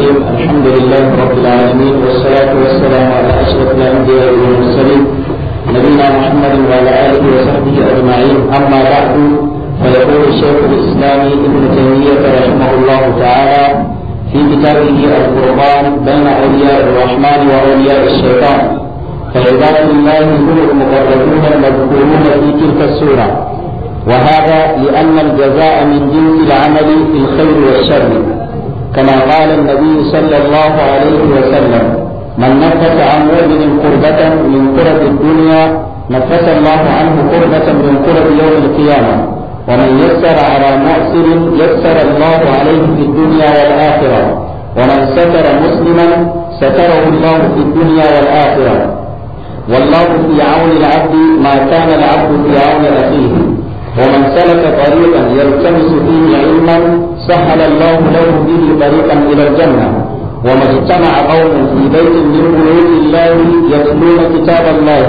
الرحيم الحمد لله رب العالمين والصلاة والسلام على أشرف الأنبياء والمرسلين نبينا محمد وعلى آله وصحبه أجمعين أما بعد فيقول الشيخ الإسلامي ابن تيمية رحمه الله تعالى في كتابه القرآن بين أولياء الرحمن وأولياء الشيطان فعباد الله هم المقربون المذكورون في تلك السورة وهذا لأن الجزاء من جنس العمل في الخير والشر كما قال النبي صلى الله عليه وسلم من نفس عن مؤمن قربة من كرب الدنيا نفس الله عنه قربة من كرب يوم القيامة ومن يسر على مؤسر يسر الله عليه في الدنيا والآخرة ومن ستر مسلما ستره الله في الدنيا والآخرة والله في عون العبد ما كان العبد في عون أخيه ومن سلك طريقا يلتمس فيه علما سهل الله له به طريقا إلى الجنة وما اجتمع قوم في بيت من بيوت الله يتلون كتاب الله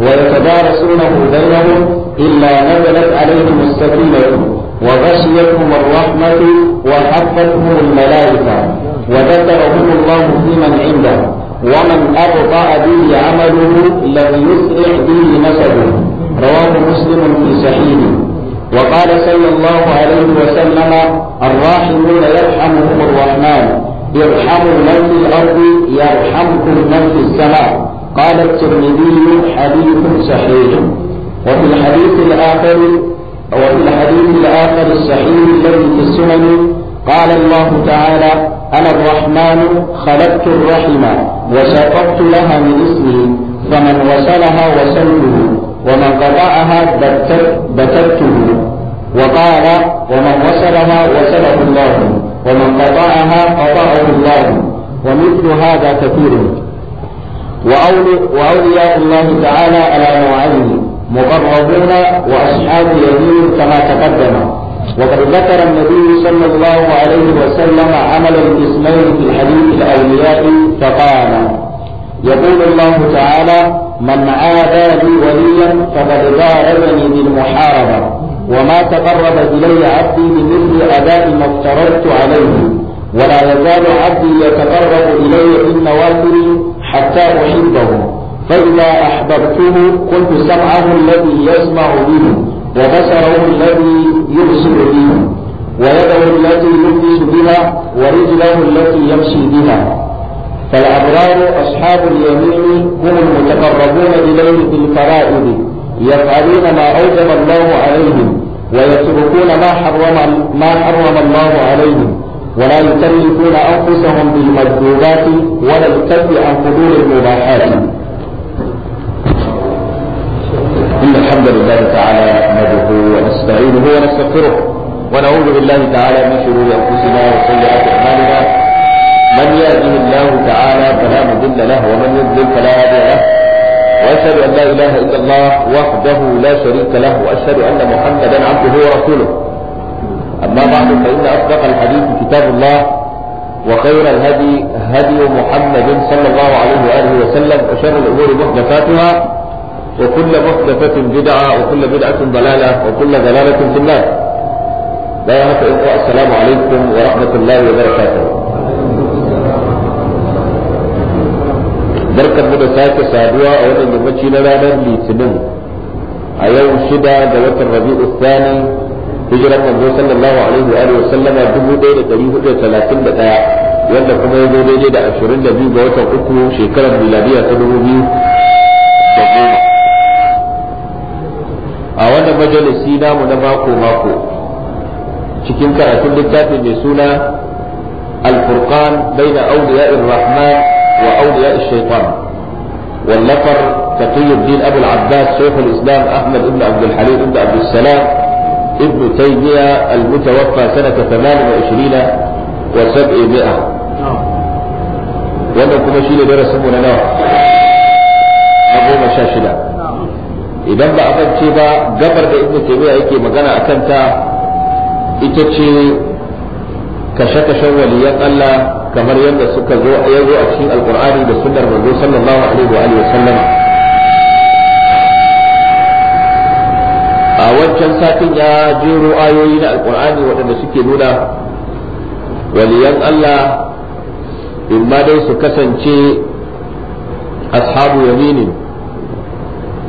ويتدارسونه بينهم إلا نزلت عليهم السكينة وغشيتهم الرحمة وحفتهم الملائكة وذكرهم الله فيمن عنده ومن أبطأ به عمله لم يسرع به نسبه رواه مسلم في صحيحه وقال صلى الله عليه وسلم الراحمون يرحمهم الرحمن ارحموا من في الارض يرحمكم من في السماء قال الترمذي حديث صحيح وفي الحديث الاخر وفي الحديث الاخر الصحيح الذي في السنن قال الله تعالى انا الرحمن خلقت الرحم وشققت لها من اسمي فمن وصلها وصلته ومن قطعها بتته وقال ومن وصلها وصله الله ومن قطعها قطعه الله ومثل هذا كثير وأولياء الله تعالى على نوعين مقربون وأصحاب يمين كما تقدم وقد ذكر النبي صلى الله عليه وسلم عمل الاسمين في حديث الأولياء فقال يقول الله تعالى من عادى لي وليا فقد باعدني بالمحاربة وما تقرب إلي عبدي بمثل أداء ما افترضت عليه ولا يزال عبدي يتقرب إلي بالنوافل حتى أحبه فإذا أحببته كنت سمعه الذي يسمع به وبصره الذي يبصر به ويده التي يلبس بها ورجله التي يمشي بها فالأبرار أصحاب اليمين هم المتقربون إليه بالفرائض يفعلون ما أوجب الله عليهم ويتركون ما حرم ما حرم الله عليهم ولا يكلفون أنفسهم بالمجذوبات ولا الكف عن قبول المباحات. إن الحمد لله تعالى نحمده ونستعينه ونستغفره ونعوذ بالله تعالى من شرور أنفسنا وسيئات أعمالنا من يهده الله تعالى فلا مضل له ومن يضلل فلا هادي له واشهد ان لا اله الا الله وحده لا شريك له واشهد ان محمدا عبده ورسوله اما بعد فان اصدق الحديث كتاب الله وخير الهدي هدي محمد صلى الله عليه واله وسلم وشر الامور محدثاتها وكل محدثة بدعة وكل بدعة ضلالة وكل ضلالة في النار. لا السلام عليكم ورحمة الله وبركاته. barkar mu da sake saduwa a wannan yammaci na ranar litinin a yau shida ga watan rabi'u thani hijiran manzo sallallahu alaihi wa alihi wasallama 1431 wanda kuma ya zo daidai da 22 ga watan uku shekarar miladiya ta 2010 a wannan majalisi namu na mako mako cikin karatun littafin mai suna al-furqan bayna awliya'ir rahman واولياء الشيطان والنفر تقي الدين ابو العباس شيخ الاسلام احمد بن عبد الحليم بن عبد السلام ابن تيميه المتوفى سنه 28 و700 نعم وانا كنت اشيل درس من انا ابو مشاشده نعم إذا a fahimci ba gabar da تيمية taymiya yake magana a kanta ita ce kashe-kashen kamar yadda suka zo ya zo a cikin alqur'ani da sunnar manzo sallallahu alaihi wa alihi wasallam a wancan satin ya jero ayoyi na alqur'ani waɗanda suke nuna waliyan Allah in ma dai su kasance ashabu yaminin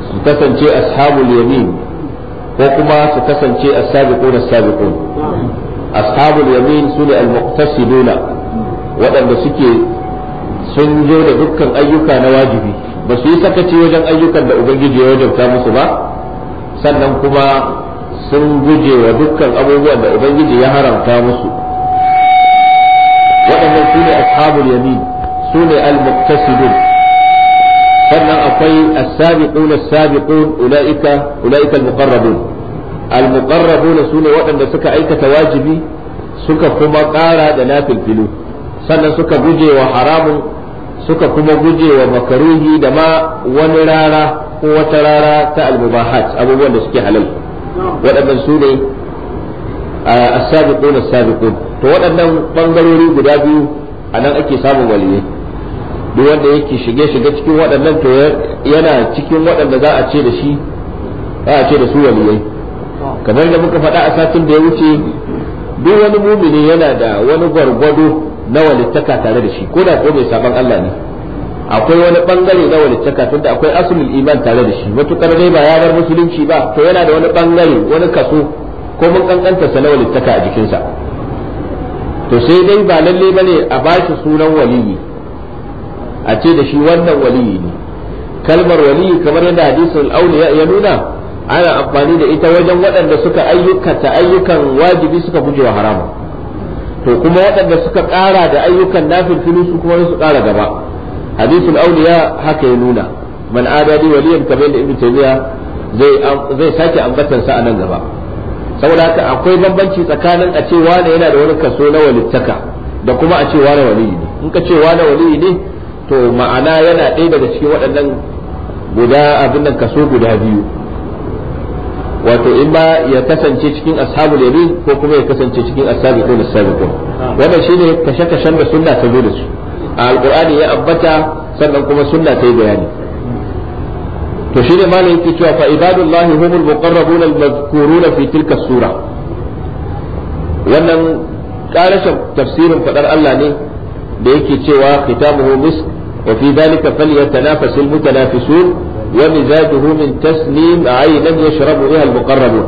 su kasance ashabul yamin ko kuma su kasance as-sabiqun as-sabiqun ashabul yamin sune al-muqtasiduna waɗanda suke sun zo da dukkan ayyuka na wajibi ba su yi sakaci wajen ayyukan da ubangiji ya wajabta musu ba sannan kuma sun guje wa dukkan abubuwan da ubangiji ya haramta musu waɗannan su ne ashabul yamin su ne al-muqtasidun sannan akwai as-sabiqun as-sabiqun ulaika ulaika al-muqarrabun al-muqarrabun su ne waɗanda suka aikata wajibi suka kuma ƙara da nafilfilu sannan suka guje wa haramun suka kuma guje wa makaruhi da ma wani rara ko wata rara ta almubahat abubuwan da suke halal waɗannan su ne as-sabiqun as-sabiqun to waɗannan bangarori guda biyu a nan ake samun waliyai duk wanda yake shige shige cikin waɗannan to yana cikin waɗanda za a ce da shi za a ce da su waliyai kamar da muka faɗa a satin da ya wuce duk wani mumini yana da wani gwargwado na walittaka tare da shi ko da ko bai saban Allah ne akwai wani bangare na walittaka tunda akwai asulul iman tare da shi matukar dai ba ya bar musulunci ba to yana da wani bangare wani kaso ko mun kankanta sa na walittaka a jikin sa to sai dai ba lalle bane a bashi sunan waliyi a ce da shi wannan waliyi ne kalmar waliyi kamar yadda hadisul auliya ya nuna ana amfani da ita wajen waɗanda suka ayyukata ayyukan wajibi suka gujewa haramun to kuma waɗanda suka ƙara da ayyukan nafin su kuma su ƙara gaba hadisul auliya haka ya nuna man adadi waliyan kabe da ibnu zai zai sake ambatan sa a nan gaba saboda haka akwai bambanci tsakanin a ce wani yana da wani kaso na walittaka da kuma a ce wani waliyi ne in ka ce wani waliyi ne to ma'ana yana ɗaya daga cikin waɗannan guda abin nan kaso guda biyu wato in ba ya kasance cikin ashabul yamin ko kuma ya kasance cikin as-sabiqun as wannan shine kashe-kashen da sunna ta zo da su alqur'ani ya ambata sannan kuma sunna ta yi bayani to shine malai yake cewa fa ibadullahi humul muqarrabun al fi tilka sura wannan karashin tafsirin fadar Allah ne da yake cewa khitamuhu misk wa fi dhalika falyatanafasul mutanafisun ومزاجه من تسليم عينا يشرب بها المقربون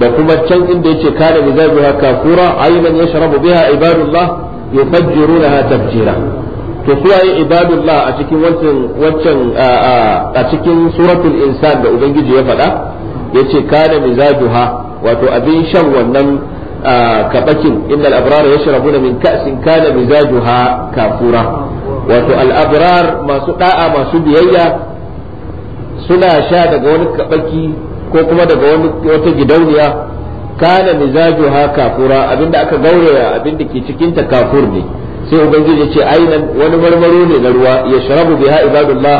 da kuma can inda yace kana mizajuha kafura ayman yashrabu biha ibadullah yufajjirunaha tafjira to suwaye ibadullah a cikin wancan wancan a cikin suratul insan da ubangiji ya faɗa yace kana mizajuha wato abin shan wannan kabakin innal abrar yashrabuna min ka'sin kana mizajuha kafura wato al masu masu biyayya suna sha daga wani kabaki ko kuma daga wani wata gidauniya kana mizaju ha kafura abinda aka gauraya abinda ke cikin ta kafur ne sai ubangiji ya ce ainan wani marmaro ne na ruwa ya sharabu biha ibadullah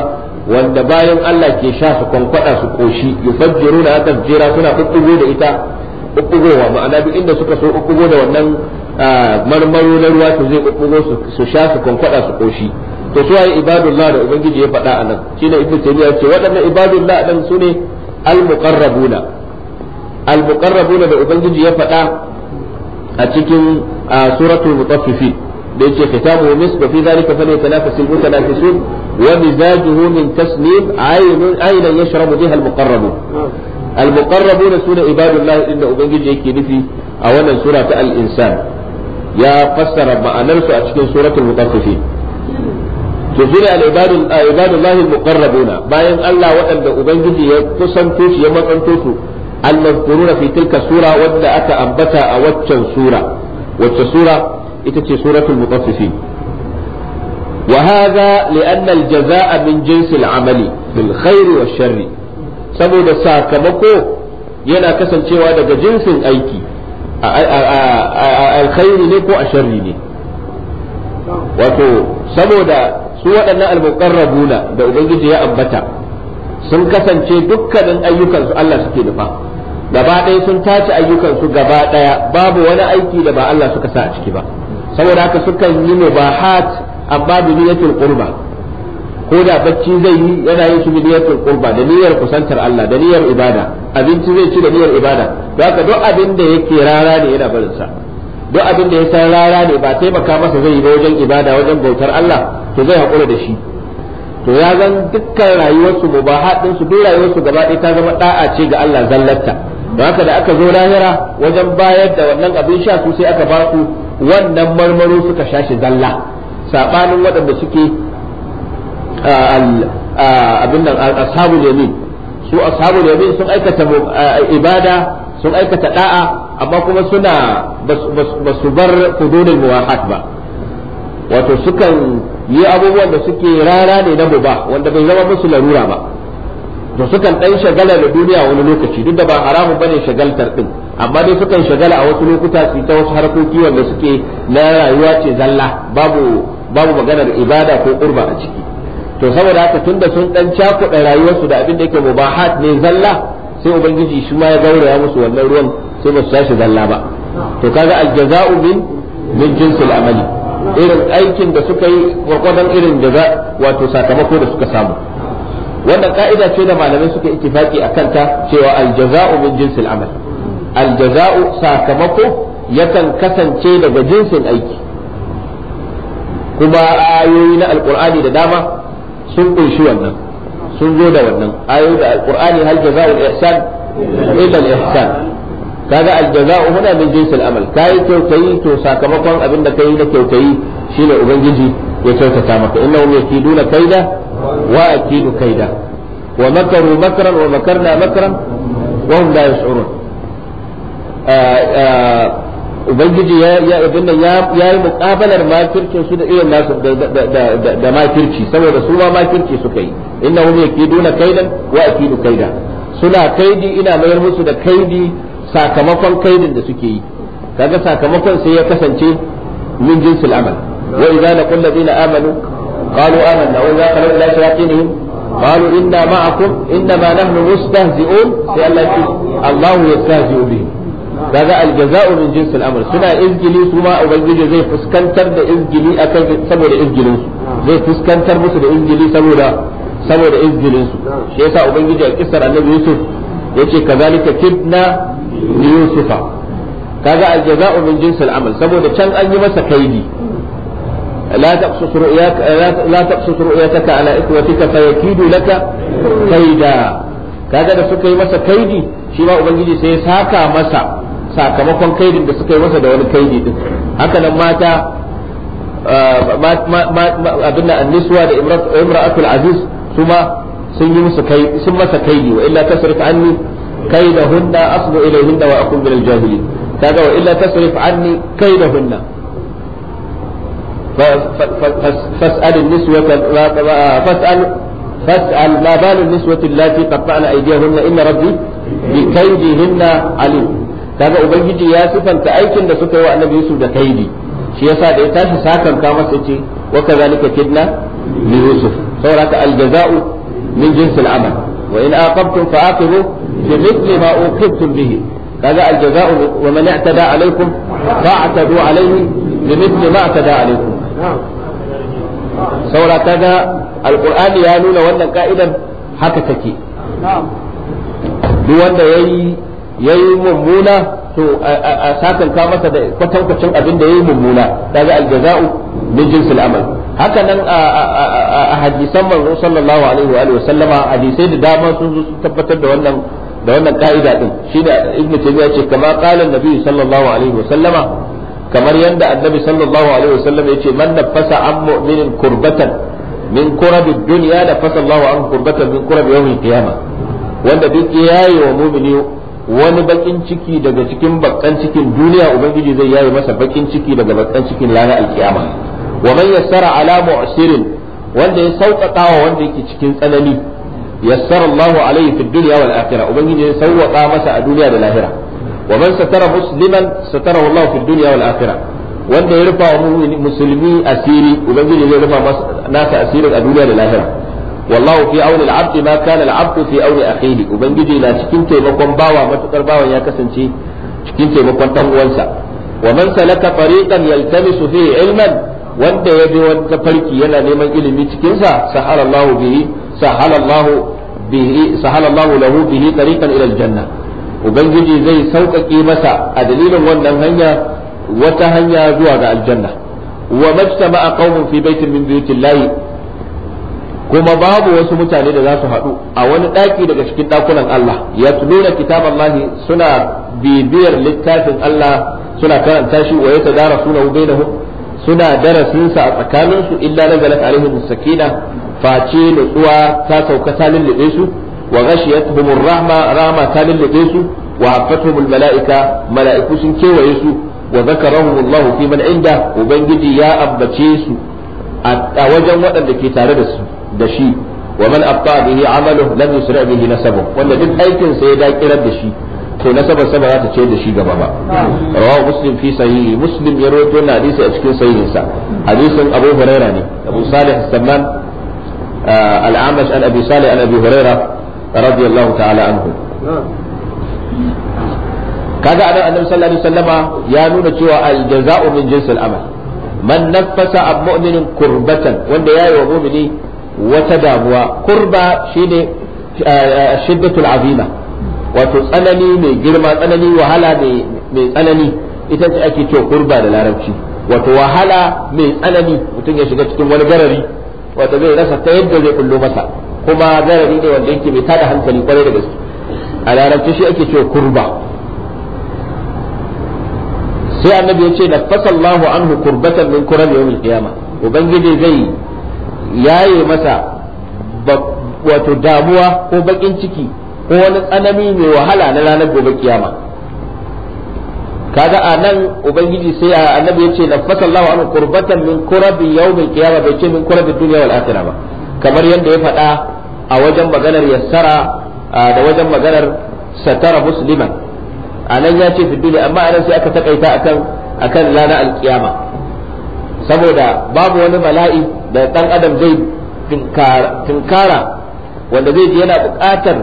wanda bayan Allah ke sha su kwankwada su koshi yufajjiruna tafjira suna kukkugo da ita kukkugowa ma'ana duk inda suka so kukkugo da wannan ah, marmaro na ruwa to zai kukkugo su sha su kwankwada su koshi to su waye ibadullah da ubangiji ya faɗa a nan shine ibnu taymiya ce waɗannan ibadullah dan su ne al-muqarrabuna al-muqarrabuna da ubangiji ya faɗa a cikin suratul mutaffifin da yake kitabu misba fi zalika fa yatanafasul mutanafisun wa mizajuhu min taslim aynun aynan yashrabu biha al-muqarrabun al-muqarrabuna sune ibadullah din da ubangiji yake nufi a wannan sura ta al-insan ya fassara ma'anarsu a cikin suratul mutaffifin to shine al-ibadul ibadullahi bayan Allah waɗanda ubangiji ya kusanto ya matsanto su al-mazkuruna fi sura wadda aka ambata a waccan sura wacce sura ita ce suratul mutaffifin وهذا لأن الجزاء من جنس العمل بالخير والشر سبب ساكمكو ينا كسن شوى دقى جنس أيكي alkhairi ne ko a sharri ne wato saboda su waɗannan al-muqarrabuna da ubangiji ya ambata sun kasance dukkanin ayyukan su Allah suke nufa gaba ɗaya sun tace ayyukan su gaba ɗaya babu wani aiki da ba Allah suka sa a ciki ba saboda haka sukan yi mubahat amma bi niyyatul qurba ko da bacci zai yi yana yin su bi niyyatul qurba da niyyar kusantar Allah da niyyar ibada abinci zai ci da niyyar ibada don haka duk abin da yake rara ne yana barin sa duk abin da ya san rara ne ba taimaka masa zai yi wajen ibada wajen bautar Allah to zai haƙura da shi to ya zan dukkan rayuwarsu mubaha din su duk rayuwarsu gaba ɗaya ta zama da'a ce ga Allah zallarta ba haka da aka zo lahira wajen bayar da wannan abin sha su sai aka ba su wannan marmaro suka sha shi zalla sabanin waɗanda suke abin nan ashabul yamin su ashabul yamin sun aikata ibada sun aikata da'a amma kuma suna ba su bar hududul muwahat ba wato sukan yi abubuwan da suke rara ne na buba wanda bai zama musu larura ba to sukan dan shagala da duniya wani lokaci duk da ba haramun bane shagaltar din amma dai sukan shagala a wasu lokuta su ta wasu harkoki wanda suke na rayuwa ce zalla babu babu maganar ibada ko qurba a ciki to saboda haka tunda sun dan cakuɗa rayuwarsu da abin da yake mubahat ne zalla sai ubangiji shi ma ya gauraya musu wannan ruwan sai ba su tashi zalla ba to kaga aljaza'u min min jinsil amali irin aikin da suka yi gwargwadon irin da za wato sakamako da suka samu wannan ka'ida ce da malamai suka ittifaki a kanta cewa aljaza'u min jinsil amal aljaza'u sakamako yakan kasance daga jinsin aiki kuma ayoyi na alkur'ani da dama sun kunshi wannan sun zo da wannan ayoyi da alkur'ani hal jaza'ul ihsan illa al ihsan kaga aljaza'u huna min jinsil amal kai kyautayi to sakamakon abin da kai na kyautayi shine ubangiji ya kyautata maka innahum yakiduna kaida wa akidu kaida wa makaru makran wa makarna makran wa hum la yash'urun ubangiji ya abin nan ya yi muqabalar makircin su da irin nasu da makirci saboda su ma makirci suka yi innahum yakiduna kaidan wa akidu kaida suna kaidi ina mayar musu da kaidi sakamakon kaidin da suke yi kaga sakamakon sai ya kasance min jinsil amal wa idza laqul ladina amanu qalu amanna wa idza qalu ila shayatinihim qalu inna ma'akum inna ma nahnu mustahzi'un sai Allah ya Allah yastahzi'u bihim kaga aljaza'u min jinsil amal suna izgili su ma ubangiji zai fuskantar da izgili akan saboda izgilin su zai fuskantar musu da izgili saboda saboda izgilin su shi yasa ubangiji a kissar annabi Yusuf yace kazalika kidna yusufa kaga aljaza'u min jinsil amal saboda can an yi masa kaidi لا تقصص رؤياك لا تقصص رؤيتك على اخوتك kaga da suka yi masa kaidi shi ma ubangiji sai ya saka masa sakamakon kaidin da suka yi masa da wani kaidi din haka nan mata uh, abin da anniswa da imra'atul aziz su ma sun yi sun masa kaidi wa illa tasrif anni كيدهن أصب إليهن وأكون من الجاهلين كذا وإلا تصرف عني كيدهن فاسأل النسوة فاسأل فاسأل ما بال النسوة اللاتي قطعن أيديهن إن ربي بكيدهن عليم kaga ubangiji ya sifanta aikin da suka yi wa annabi Yusuf da kaidi shi yasa da ya tashi sakan ka masa ce wa kadhalika kidna li Yusuf sauraka al jaza'u min jinsil amal wa in aqabtum fa aqibu بمثل ما أوقفتم به هذا الجزاء ومن اعتدى عليكم فاعتدوا عليه بمثل ما اعتدى عليكم saura kaga alkur'ani ya nuna wannan ka'idar haka take duk wanda yayi yayi mummuna to a ka masa da kwatankwacin abin da yayi mummuna kaga aljaza'u min jinsil amal haka nan a hadisan manzo sallallahu alaihi wa sallama hadisai da dama sun tabbatar da wannan da wannan ka'ida din shine ibnu taymiya ce kama qala annabi sallallahu alaihi wa sallama kamar yanda annabi sallallahu alaihi wa sallama yace man nafasa an mu'minin kurbatan min kurabi dunya da fasallahu an kurbatan min kurabi yawmil qiyamah wanda duk yayi wa mu'mini wani bakin ciki daga cikin bakkan cikin duniya ubangiji zai yayi masa bakin ciki daga bakkan cikin ranar alkiyama wa man yassara ala mu'sirin wanda ya sauƙaƙa wa wanda yake cikin tsanani yassara Allahu alaihi fid dunya wal akhirah ubangiji ya sawwaka masa a duniya da Allahu fid dunya wal wanda ya rufa musulmi asiri ubangiji zai rufa nasa asirin a duniya da lahira wallahu fi auni al-abd ma kana al-abd fi auni akhihi ubangiji na cikin taimakon bawa matukar bawan ya kasance cikin taimakon dan uwansa wa man salaka tariqan yaltamisu ilman wanda ya bi wani farki yana neman ilimi cikinsa sahara Allahu bihi sahala Allah bihi sahala Allah lahu bihi tariqan ubangiji zai sauƙaƙe masa a dalilin wannan hanya wata hanya zuwa ga aljanna wa majtama'a qaumun fi baitin min buyutillahi kuma babu wasu mutane da za su haɗu a wani ɗaki daga cikin ɗakunan Allah ya tuluna kitaballahi suna bibiyar littafin Allah suna karanta shi wa yata dara suna bainahum suna darasinsa a tsakaninsu illa na nazalat alaihim sakina face nutsuwa ta sauka ta lullube su wa ghashiyatuhum rahma rahma ta lullube su wa hafatuhum malaika mala'iku sun kewaye su wa zakarahum fi man inda ubangiji ya ambace su a wajen waɗanda ke tare da su da shi wa man abta bihi amalu lam yusra bihi nasabu wanda duk aikin sa ya dakirar da shi to nasabar sa ba za ta ce da shi gaba ba rawahu muslim fi sahihi muslim ya rawaito na hadisi a cikin sahihinsa hadisin abu huraira ne abu salih الأعمش عن أبي صالح عن أبي هريرة رضي الله تعالى عنه kaga anan annabi sallallahu alaihi wasallama ya nuna cewa aljaza'u min jinsil amal man nafasa a mu'minin kurbatan wanda yayi wa mu'mini wata damuwa kurba shine shiddatul azima wato tsanani mai girma tsanani wahala mai tsanani ita ce ake cewa kurba da larabci wato wahala mai tsanani mutum ya shiga cikin wani garari wanda zai rasa ta yadda zai kullo masa kuma zarari ne wanda yake mai tada hankali kwarai da gaske a larabci shi ake cewa kurba sai annabi ya ce fasallahu anhu kurbatan min kuram yawmil qiyamah ubangiji zai yaye masa wato damuwa ko bakin ciki ko wani tsanani mai wahala na ranar gobe kiyama kaga a nan ubangiji sai annabi yace na Allahu an qurbatan min qurabi yawmil qiyamah bai ce min qurabi dunya wal akhirah ba kamar yadda ya faɗa a wajen maganar yassara da wajen maganar satara musliman a nan ya ce fiddule amma a nan sai aka takaita akan akan lana alkiyama saboda babu wani mala'i da dan adam zai tunkara wanda zai je yana buƙatar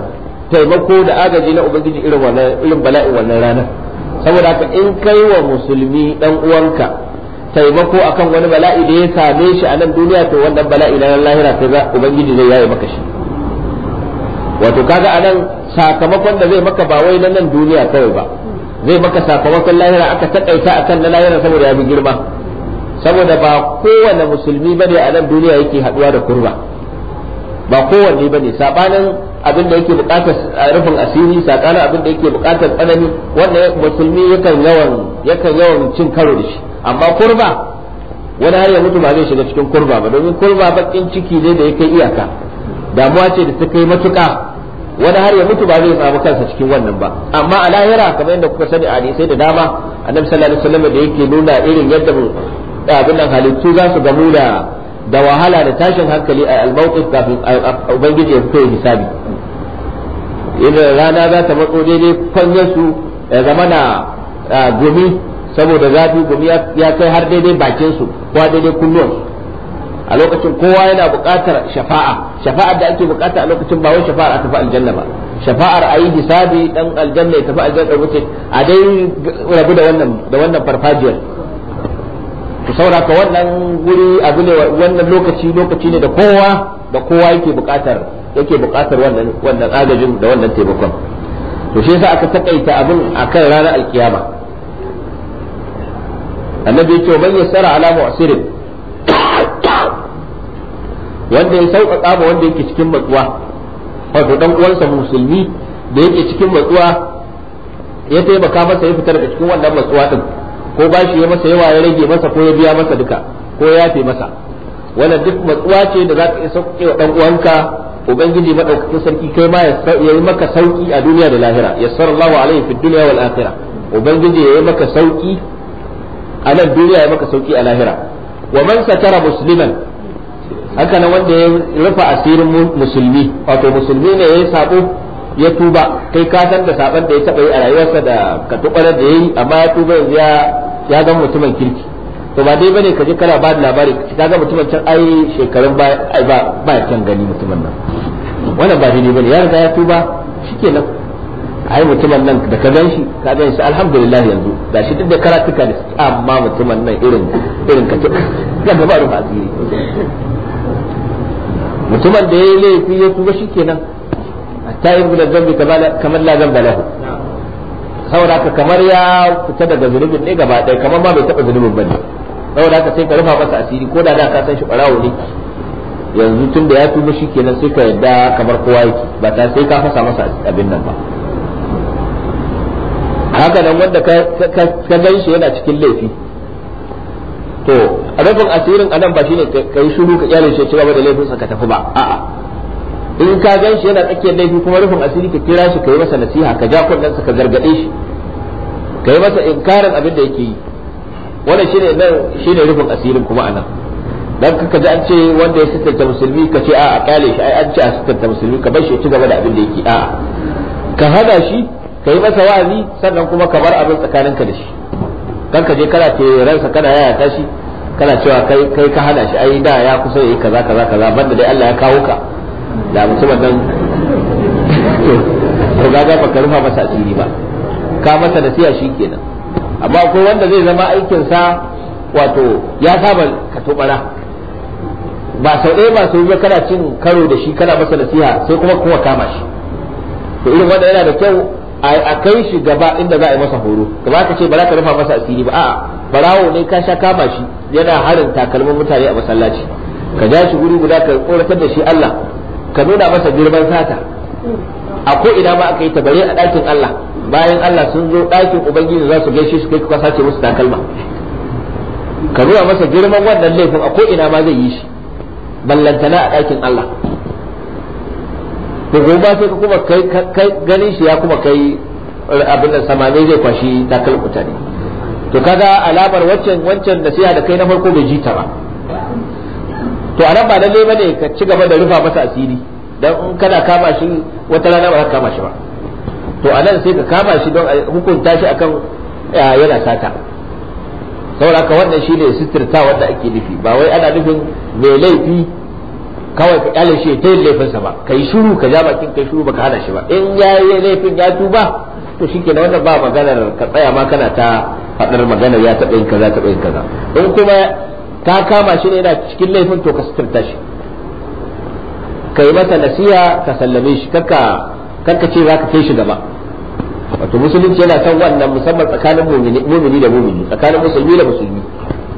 taimako da agaji na ubangiji irin bala'in wannan ranar saboda haka in kai wa musulmi dan uwanka taimako akan wani bala'i da ya same shi a nan duniya to wannan bala'i na lahira sai za ubangiji zai yaye maka shi wato kaga a nan sakamakon da zai maka ba wai na nan duniya kawai ba zai maka sakamakon lahira aka takaita akan na lahira saboda ya bi girma saboda ba kowane musulmi bane a nan duniya yake haɗuwa da kurba ba kowanne ba ne sabanin abin da yake bukatar rufin asiri sabanin abin da yake bukatar tsanani wanda musulmi yakan yawan cin karo da shi amma kurba wani har ya mutu ba zai shiga cikin kurba ba domin kurba bakin ciki ne da yake iyaka damuwa ce da ta kai matuka wani har ya mutu ba zai samu kansa cikin wannan ba amma a lahira kamar yadda kuka sani a da dama annabi sallallahu alaihi wasallam da yake nuna irin yadda abin nan halittu za su gamu da da wahala da tashin hankali a al kafin ubangiji ya fito hisabi rana za ta matso daidai kwanyar su ya zama na gumi saboda zafi gumi ya kai har daidai bakin su ko daidai kunnuwan a lokacin kowa yana buƙatar shafa'a shafa'ar da ake buƙata a lokacin ba wai shafa'ar a tafi aljanna ba shafa'ar a yi hisabi dan aljanna ya tafi aljanna wuce a dai rabu da wannan da wannan farfajiyar Ku saura ka wannan guri abu ne wannan lokaci lokaci ne da kowa da kowa yake buƙatar yake buƙatar wannan wannan agajin da wannan taimakon to shi yasa aka takaita abin akan ranar alkiyama annabi yake wa bayyana sara ala mu'sirin wanda ya sauƙaƙa ma wanda yake cikin matsuwa wato dan uwansa musulmi da yake cikin matsuwa ya taimaka masa ya fitar da cikin wannan matsuwa din ko bashi ya masa yawa ya rage masa ko ya biya masa duka ko ya yafe masa wannan duk matsuwa ce da za ka iya sauƙi wa dan uwanka ubangiji madaukakin sarki kai ma ya yi maka sauki a duniya da lahira ya Allahu alaihi fi dunya wal akhirah ubangiji ya yi maka sauki a nan duniya ya maka sauki a lahira wa man satara musliman haka nan wanda ya rufa asirin musulmi wato musulmi ne ya sabo ya tuba kai ka san da saban da ya taba yi a rayuwarsa da ka tubarar da yayi amma ya tuba yanzu ya ya ga mutumin kirki to ba dai bane kaje kana ba da labari ka ga mutumin can ai shekarun ba ai ba ba can gani mutumin nan wannan ba dai bane ya riga ya tuba shikenan ai mutumin nan da ka ganshi ka ganshi alhamdulillah yanzu shi duk da karatuka da amma mutumin nan irin irin ka ta ga gaba rufa asiri mutumin da ya laifi ya tuba shikenan ta yi gudan zambi kamar la zamba lahu saboda ka kamar ya fita daga zunubin ne gaba ɗaya kamar ma bai taɓa zunubin ba ne saboda haka sai ka rufa masa asiri ko da da ka san shi ɓarawo ne yanzu tun da ya tuba shi kenan sai ka yadda kamar kowa yake ba ta sai ka fasa masa abin nan ba haka nan wanda ka gan shi yana cikin laifi to rufin asirin anan ba shi shine ka yi shiru ka iyalin shi cewa ba da laifinsa ka tafi ba a'a in ka gan shi yana tsakiyar laifi kuma rufin asiri ka kira shi ka yi masa nasiha ka ja kunnen ka gargade shi ka yi masa inkarin abin da yake yi wannan shine nan shine rufin asirin kuma anan dan ka ji an ce wanda ya sittanta musulmi ka ce a a kyale shi ai an ce a sittanta musulmi ka bar shi ci gaba da abin da yake a ka hada shi ka yi masa wa'azi sannan kuma ka bar abin tsakaninka da shi kan ka je kana ce ransa kana yaya tashi kana cewa kai kai ka hana shi ai da ya kusa yayi kaza kaza kaza banda dai Allah ya kawo ka da mutumin nan to ga ga baka rufa masa asiri ba ka masa nasiha shikenan amma akwai wanda zai zama aikin sa wato ya saba ka tubara ba sau ɗaya ba sau biyu kana cin karo da shi kana masa nasiha sai kuma kuma kama shi to irin wanda yana da kyau a kai shi gaba inda za a yi masa horo gaba ka ce ba za ka rufa masa asiri ba a'a barawo ne ka sha kama shi yana harin takalmin mutane a masallaci ka ja shi guri guda ka tsoratar da shi Allah ka nuna masa girman sata a ko'ina ina ma aka yi ta bare a ɗakin Allah bayan Allah sun zo ɗakin ubangiji za su gaishe su kai ka sace musu takalma ka nuna masa girman wannan laifin a ko'ina ina ma zai yi shi ballantana a ɗakin Allah to gobe sai ka kuma kai kai ganin shi ya kuma kai abin da samane zai kwashi takalma mutane to kaga alamar wancan wancan nasiha da kai na farko bai jita ba to anan ba ba ne ka ci gaba da rufa masa asiri dan in kana kama shi wata rana ba ka kama shi ba to a nan sai ka kama shi don hukunta shi akan yana sata saboda ka wannan shi ne sitirta wanda ake nufi ba wai ana nufin mai laifi kawai ka kyale shi ta yin laifinsa ba kai shiru ka ja bakin kai shiru baka hana shi ba in ya yi laifin ya tuba to shikenan wannan ba maganar ka tsaya ma kana ta faɗar maganar ya taɓa yin kaza taɓa yin kaza in kuma ka kama shi ne yana cikin laifin to ka suturta shi ka yi masa nasiha ka sallame shi kakka ce za ka kai shi gaba wato musulunci yana son wannan musamman tsakanin mumini da mumini tsakanin musulmi da musulmi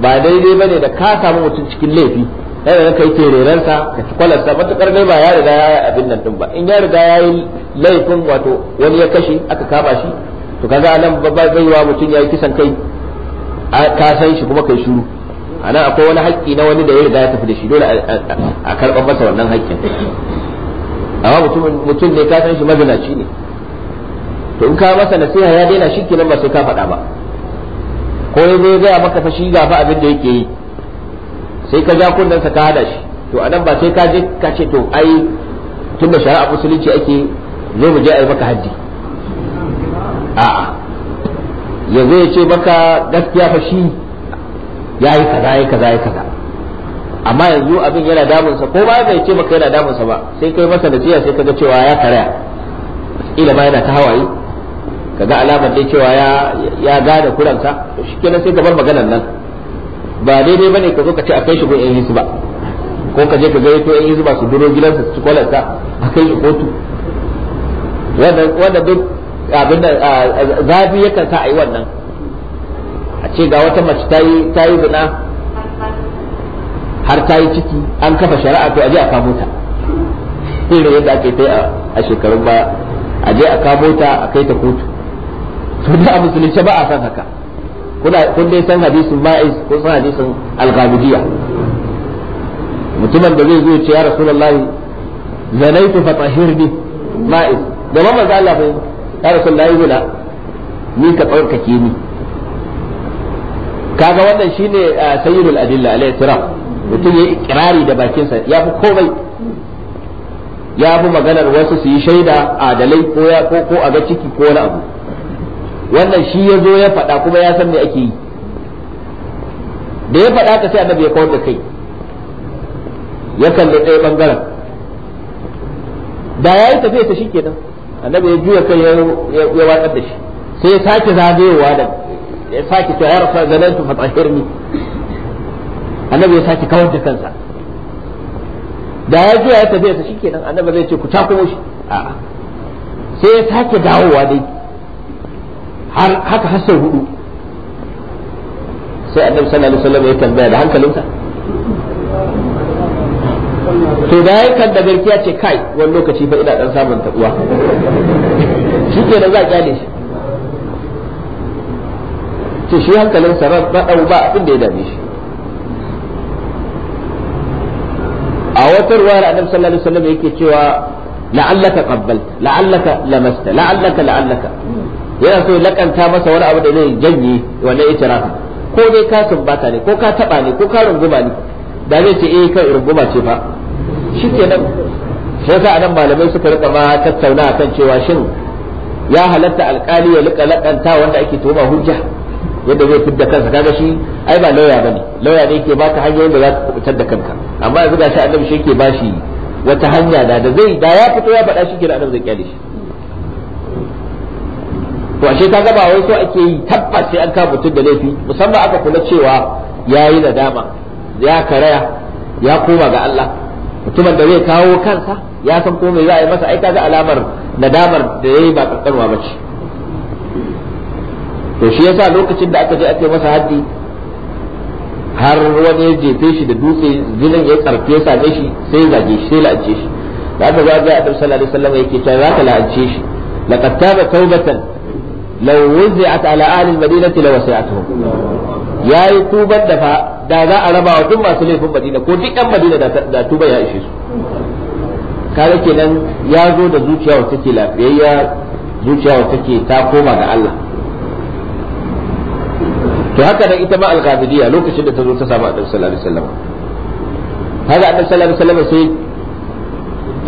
ba daidai ne da ka samu mutum cikin laifi yana da kai tererensa ka ci kwalarsa matukar dai ba ya riga ya yi abin nan din ba in ya riga ya yi laifin wato wani ya kashe aka kama shi to kaga anan ba zai wa mutum ya yi kisan kai ka san shi kuma kai shuru ana akwai wani haƙƙi na wani da ya riga ya tafi da shi dole a karɓar masa wannan haƙƙin amma mutum ne ka san shi mazinaci ne to in ka masa nasiha ya daina shi kenan ba sai ka faɗa ba ko ya zo gaya maka fa shi ga fa abin da yake yi sai ka ja kunnensa ka hada shi to anan ba sai ka je ka ce to ai tunda shari'a musulunci ake zo mu je a yi maka haddi a'a yanzu ya ce maka gaskiya fa shi ya yi kaza ya kaza ya kaza amma yanzu abin yana damunsa ko ba bai ce maka yana damunsa ba sai kai masa nasiha sai kaga cewa ya karaya ila ma yana ta hawaye kaga alamar dai cewa ya ya gane kuranta to shikenan sai ka bar maganar nan ba daidai bane ka zo ka ce a kai shi gun yan ba ko ka je ka ga yato yan hisu ba su duro gidan su kwalarsa a kai shi kotu wanda duk abin da zafi yakan sa a yi wannan a ce ga wata mace ta yi ta yi zina har ta yi ciki an kafa shari'a to aje a kamo ta irin yadda ake ta a shekarun baya aje a kamo ta a kai ta kotu to da a musulunci ba a san haka kuna kun dai san hadisin ma'iz ko san hadisin al-ghamidiyya mutumin da zai zo ce ya rasulullahi zanaitu fatahirni ma'iz da ba manzo Allah bai ya rasulullahi zina ni ka tsarkake ni kaga wannan shine uh, sayyidul adilla alai tiraf mutum ya ikirari da bakinsa ya fi komai ya fi maganar wasu su yi shaida adalai ko ya ko ko a ga ciki ko wani abu wannan shi ya zo ya faɗa kuma ya san me ake yi da ya faɗa ka sai annabi ya kawar da kai ya kalli ɗaya bangaren da ya yi tafiya ta shi kenan annabi ya juya kai ya watsar da shi sai ya sake zagayowa da ya sake cewa ya rasu zalantu fatahirni annabi ya sake kawar da kansa da ya juya ya tafiya ta shikenan annabi zai ce ku takumo shi a'a sai ya sake dawowa dai har haka har sau hudu sai annabi sallallahu alaihi wasallam ya tambaya da hankalinsa to da ya kan da garkiya ce kai wani lokaci ba ina dan samun tabuwa shikenan za a gane. shi ce shi hankalin sa dau ba abin da ya dame shi a wata da annabi sallallahu alaihi wasallam yake cewa la'allaka qabbal la'allaka lamasta la'allaka la'allaka yana so lakanta masa wani abu da zai janye wannan itirafin ko dai ka sumbata ne ko ka taba ne ko ka runguma ne da zai ce eh kai runguma ce fa shikenan sai yasa anan malamai suka rika ma tattauna akan cewa shin ya halatta alkali ya lika lakanta wanda ake tuhuma hujja yadda zai fidda kansa kaga shi ai ba lauya bane lauya ne yake baka hanyoyin da za ka da kanka amma yanzu gashi annabi shi yake bashi wata hanya da da zai da ya fito ya faɗa shi kira annabi zai kyale shi to ashe ka ga ba wai so ake yi tabbas sai an kama mutum da laifi musamman aka kula cewa yayi nadama ya karaya ya koma ga Allah mutumin da zai kawo kansa ya san ko me za a yi masa ai kaga alamar nadamar da yayi ba ba ce. to shi yasa lokacin da aka je aka masa haddi har wani ya jefe shi da dutse jinin ya karfe ya same shi sai zage shi sai la'ance shi da aka zo ga Annabi sallallahu alaihi wasallam yake cewa za ka la'ance shi laqad taba tawbatan law wuzi'at ala ahli al-madinati lawasi'atuhum yayi tuban da fa da za a raba wa duk masu laifin Madina ko duk ɗan Madina da tuba ya ishe su kare kenan ya zo da zuciya wacce take lafiyayya zuciya wacce take ta koma ga Allah to haka nan ita ma al-qabidiyya lokacin da ta zo ta samu annabi sallallahu alaihi wasallam haka annabi sallallahu alaihi wasallam sai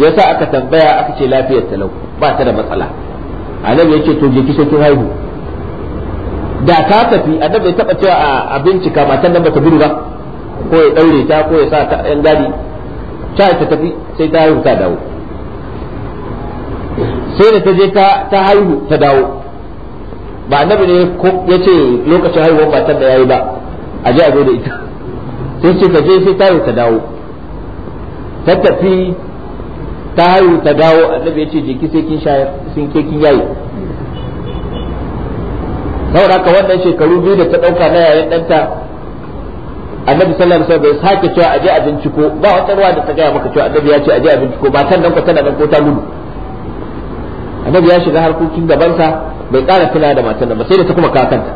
yasa aka tambaya aka ce lafiyar lau ba ta da matsala annabi yake to je kisa kin haihu da ka tafi annabi ya taba cewa a bincika matan nan bata gudu ba ko ya daure ta ko ya sa ta yan gadi ta ta tafi sai ta haihu ta dawo sai da ta je ta haihu ta dawo ba annabi ne ya ce lokacin haihuwar matar da yayi ba a ji a zo da ita sai ce ka je sai ta ta dawo ta tafi ta haihu ta dawo annabi ya ce jiki sai kin shayar sun ke kin yayi saboda haka wannan shekaru biyu da ta dauka na yayin danta annabi sallallahu alaihi wasallam bai sake cewa aje a binciko ba wata ruwa da ta gaya maka cewa annabi ya ce aje a binciko ba tan nan ko tana nan ko ta gudu annabi ya shiga harkokin sa. bai ƙara tuna da matan nan ba sai da ta kuma kakanta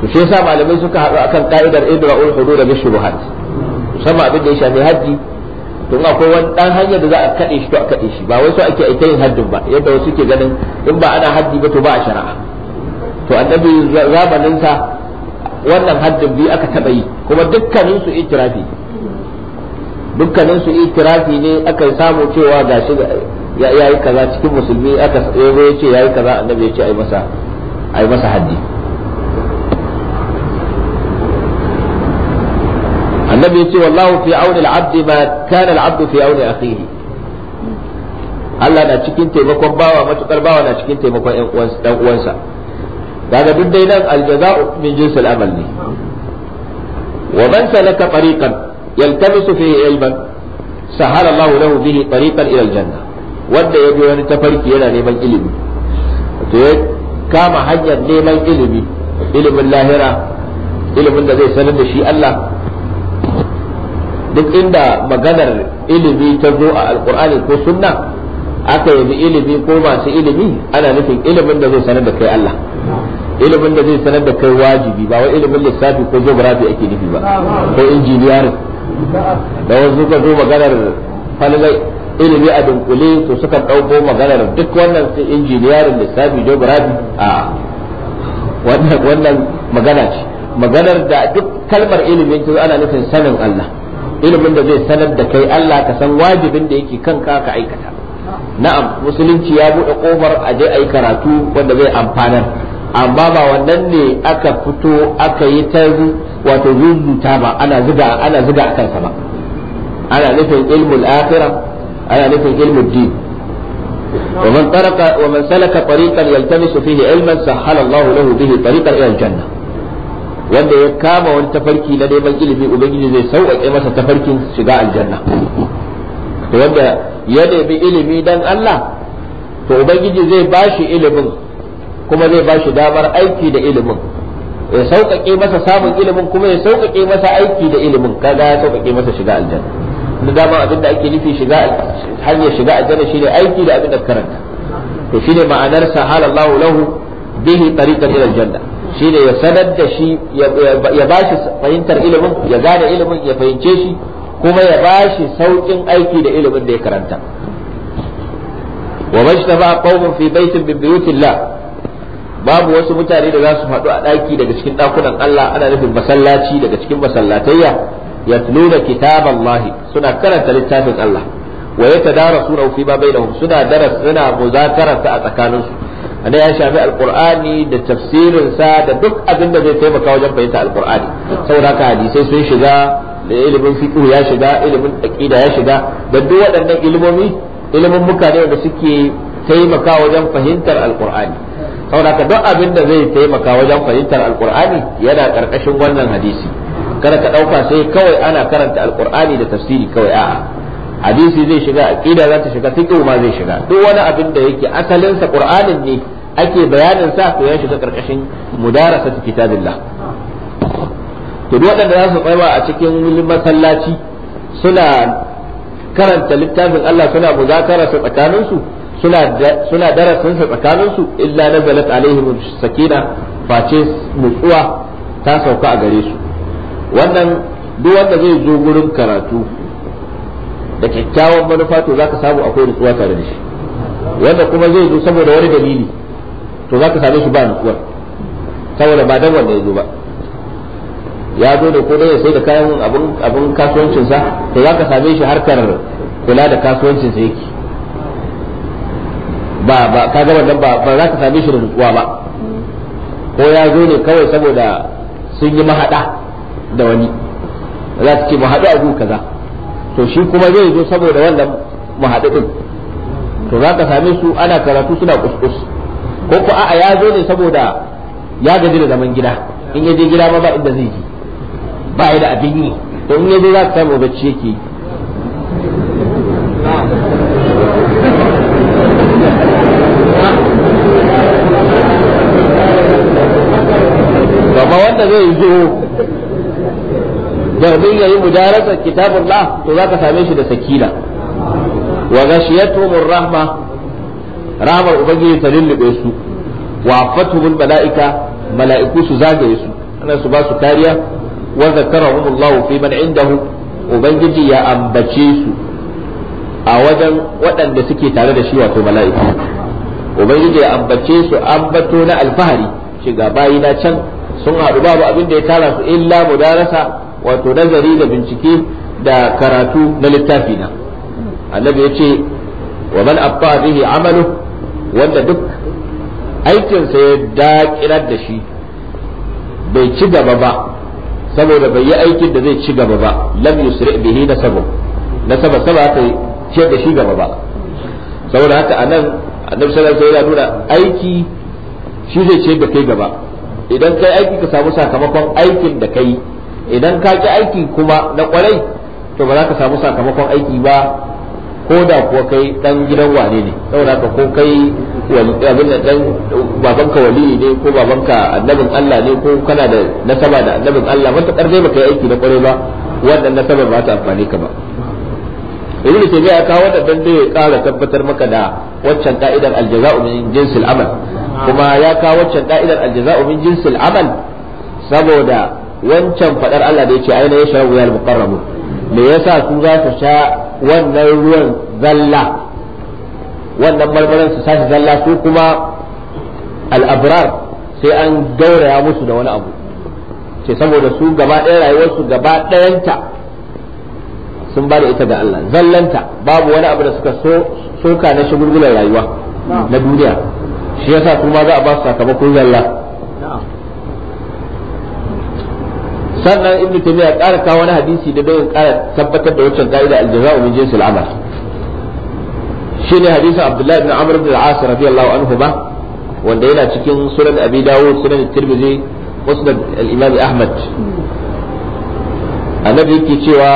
to shi yasa malamai suka haɗu akan ka'idar idra'ul hudud da shubuhat musamman abin da ya shafi haji to akwai wani dan hanyar da za a kaɗe shi to a kaɗe shi ba wai su ake aita yin haddin ba yadda wasu ke ganin in ba ana haddi ba to ba a shari'a to annabi zamanin sa wannan haddin bi aka taɓa yi kuma dukkanin su itirafi dukkanin su itirafi ne aka samu cewa gashi ya yi kaza cikin musulmi aka yabo ya ce yayi kaza annabi ya ce ai masa ai masa haddi annabi ya ce wallahu fi auni al-abd ma kana al-abd fi auni akhihi Allah na cikin taimakon bawa matukar bawa na cikin taimakon dan uwansa daga duk dai nan aljaza'u min jinsi al-amal ne wa man salaka tariqan yaltamisu fihi ilman sahala Allah lahu bihi tariqan ila al-jannah wanda ya bi wani tafarki yana neman ilimi to ya kama hanyar neman ilimi ilimin lahira ilimin da zai sanar da shi Allah duk inda maganar ilimi ta zo a alkur'ani ko sunna aka yabi ilimi ko masu ilimi ana nufin ilimin da zai sanar da kai Allah ilimin da zai sanar da kai wajibi ba wai ilimin lissafi ko geography ake nufi ba ko injiniyar da wasu ka zo maganar falalai ilimi a dunkule to sukan ɗauko maganar duk wannan sai injiniyarin lissafi geography a wannan magana ce maganar da duk kalmar ilimin ta ana nufin sanin Allah ilimin da zai sanar da kai Allah ka san wajibin da yake kanka ka aikata na'am musulunci ya buɗe kofar a je ayi karatu wanda zai amfanar amma ba wannan ne aka fito aka yi ta wato zuzuta ba ana zuga ana zuga akan sa ba ana nufin ilmul akhirah ana nufin ilmin din ومن طرق ومن سلك طريقا يلتمس فيه علما سهل الله له به طريقا الى الجنه wanda ya kama wani tafarki na neman ilimi ubangiji zai sauƙaƙe masa tafarkin shiga aljanna to wanda ya nemi ilimi dan Allah to ubangiji zai bashi ilimin kuma zai bashi damar aiki da ilimin ya sauƙaƙe masa samun ilimin kuma ya sauƙaƙe masa aiki da ilimin kaga ya sauƙaƙe masa shiga aljanna da dama abin da ake nufi shiga hanyar shiga aljanna shine aiki da abin da karanta to shine ma'anar sahala Allah lahu bihi tariqan ila aljanna shine ya sanar da shi ya bashi fahimtar ilimin ya gane ilimin ya fahimce shi kuma ya bashi saukin aiki da ilimin da ya karanta wa majtaba qaumun fi baitin min buyutillah babu wasu mutane da za su haɗu a ɗaki daga cikin ɗakunan Allah ana nufin masallaci daga cikin masallatayya yatluna kitaballahi suna karanta littafin Allah wa yatadarasuna fi ma bainahum suna daras suna muzakararsa a tsakaninsu ana ya shafi alqur'ani da tafsirin sa da duk abin da zai taimaka wajen fahimta alqur'ani saboda haka hadisai sun shiga da ilimin fiqh ya shiga ilimin aqida ya shiga da duk waɗannan ilimomi ilimin mutane da suke taimaka wajen fahimtar alqur'ani saboda haka duk abin da zai taimaka wajen fahimtar alqur'ani yana karkashin wannan hadisi kada ka ɗauka sai kawai ana karanta alkur'ani da tafsiri kawai a'a hadisi zai shiga aqida za ta shiga fiqh ma zai shiga duk wani abin da yake asalin sa qur'anin ne ake bayanin sa to ya shiga karkashin mudarasatu kitabillah to duk waɗanda za su tsaya a cikin masallaci suna karanta littafin Allah suna muzakara su tsakaninsu suna darasinsa tsakaninsu illa nazalat alaihim sakina face nutsuwa ta sauka a gare su wannan duk wanda zai zo gurin karatu da kyakkyawan manufa to zaka samu akwai nutsuwa tare da shi wanda kuma zai zo saboda wani dalili to zaka same shi ba nutsuwa saboda ba dan wanda ya zo ba ya zo da ko ya sai da kayan abin abin kasuwancin sa to zaka same shi harkar kula da kasuwancin sa yake ba ba kaga wannan ba ba za ka same shi da nutsuwa ba ko ya zo ne kawai saboda sun yi mahada da wani za ta ce mu haɗu a gu kaza to shi kuma zai zo saboda wannan mu haɗu to za ka same su ana karatu suna kuskus ko ku a'a ya zo ne saboda ya gaji da zaman gida in ya je gida ma ba inda zai je ba ya da abin yi to in ya je za ka samu bacci yake yi amma wanda zai zo domin yayi mudarasa kitabullah to zaka same shi da sakina wa ghashiyatuhumur rahma rahmar ubangiji ta lullube su wa afatuhumul malaika mala'iku su zagaye su ana su ba su kariya wa zakarahumullahu fi man indahu ubangiji ya ambace su a wajen waɗanda suke tare da shi wato mala'iku ubangiji ya ambace su ambato na alfahari shiga ga na can sun haɗu babu abin da ya tara su illa mudarasa wato nazari da bincike da karatu na littafi na annabi ya ce wa man abba bihi amalu wanda duk aikinsa ya daƙirar da shi bai ci gaba ba saboda bai yi aikin da zai ci gaba ba lam yusri bihi nasabu nasaba saba ta ce da shi gaba ba saboda haka anan annabi sallallahu alaihi wasallam nuna aiki shi zai ce da kai gaba idan kai aiki ka samu sakamakon aikin da kai idan ka ki aiki kuma na kwarai to ba za ka samu sakamakon aiki ba ko da kuwa kai dan gidan wane ne saboda ka ko kai da babanka wali ne ko babanka annabin Allah ne ko kana da nasaba da annabin Allah matakar dai baka yi aiki na kwarai ba wannan nasabar ba ta amfani ka ba ibn taymiya ya kawo da dan kara tabbatar maka da waccan ka'idar aljaza'u min jinsil amal kuma ya kawo waccan ka'idar aljaza'u min jinsil amal saboda wancan fadar Allah da yake aina ya sharabu ya muqarrabu me yasa su za su sha wannan ruwan zalla wannan marmaran su sashi zalla su kuma al'abrar sai an gauraya musu da wani abu ce saboda su gaba ɗaya rayuwarsu gaba ɗayanta sun ba da ita ga Allah zallanta babu wani abu da suka soka na shagulgulan rayuwa na duniya shi yasa kuma za a ba su sakamakon zalla sannan ibnu taymiya ƙara kawo wani hadisi da don ƙara tabbatar da wancan ka'ida aljaza'u min jinsil amal shine hadisin abdullahi ibn amr ibn al-as radiyallahu anhu ba wanda yana cikin sunan abi dawud sunan tirmidhi musnad al-imam ahmad annabi yake cewa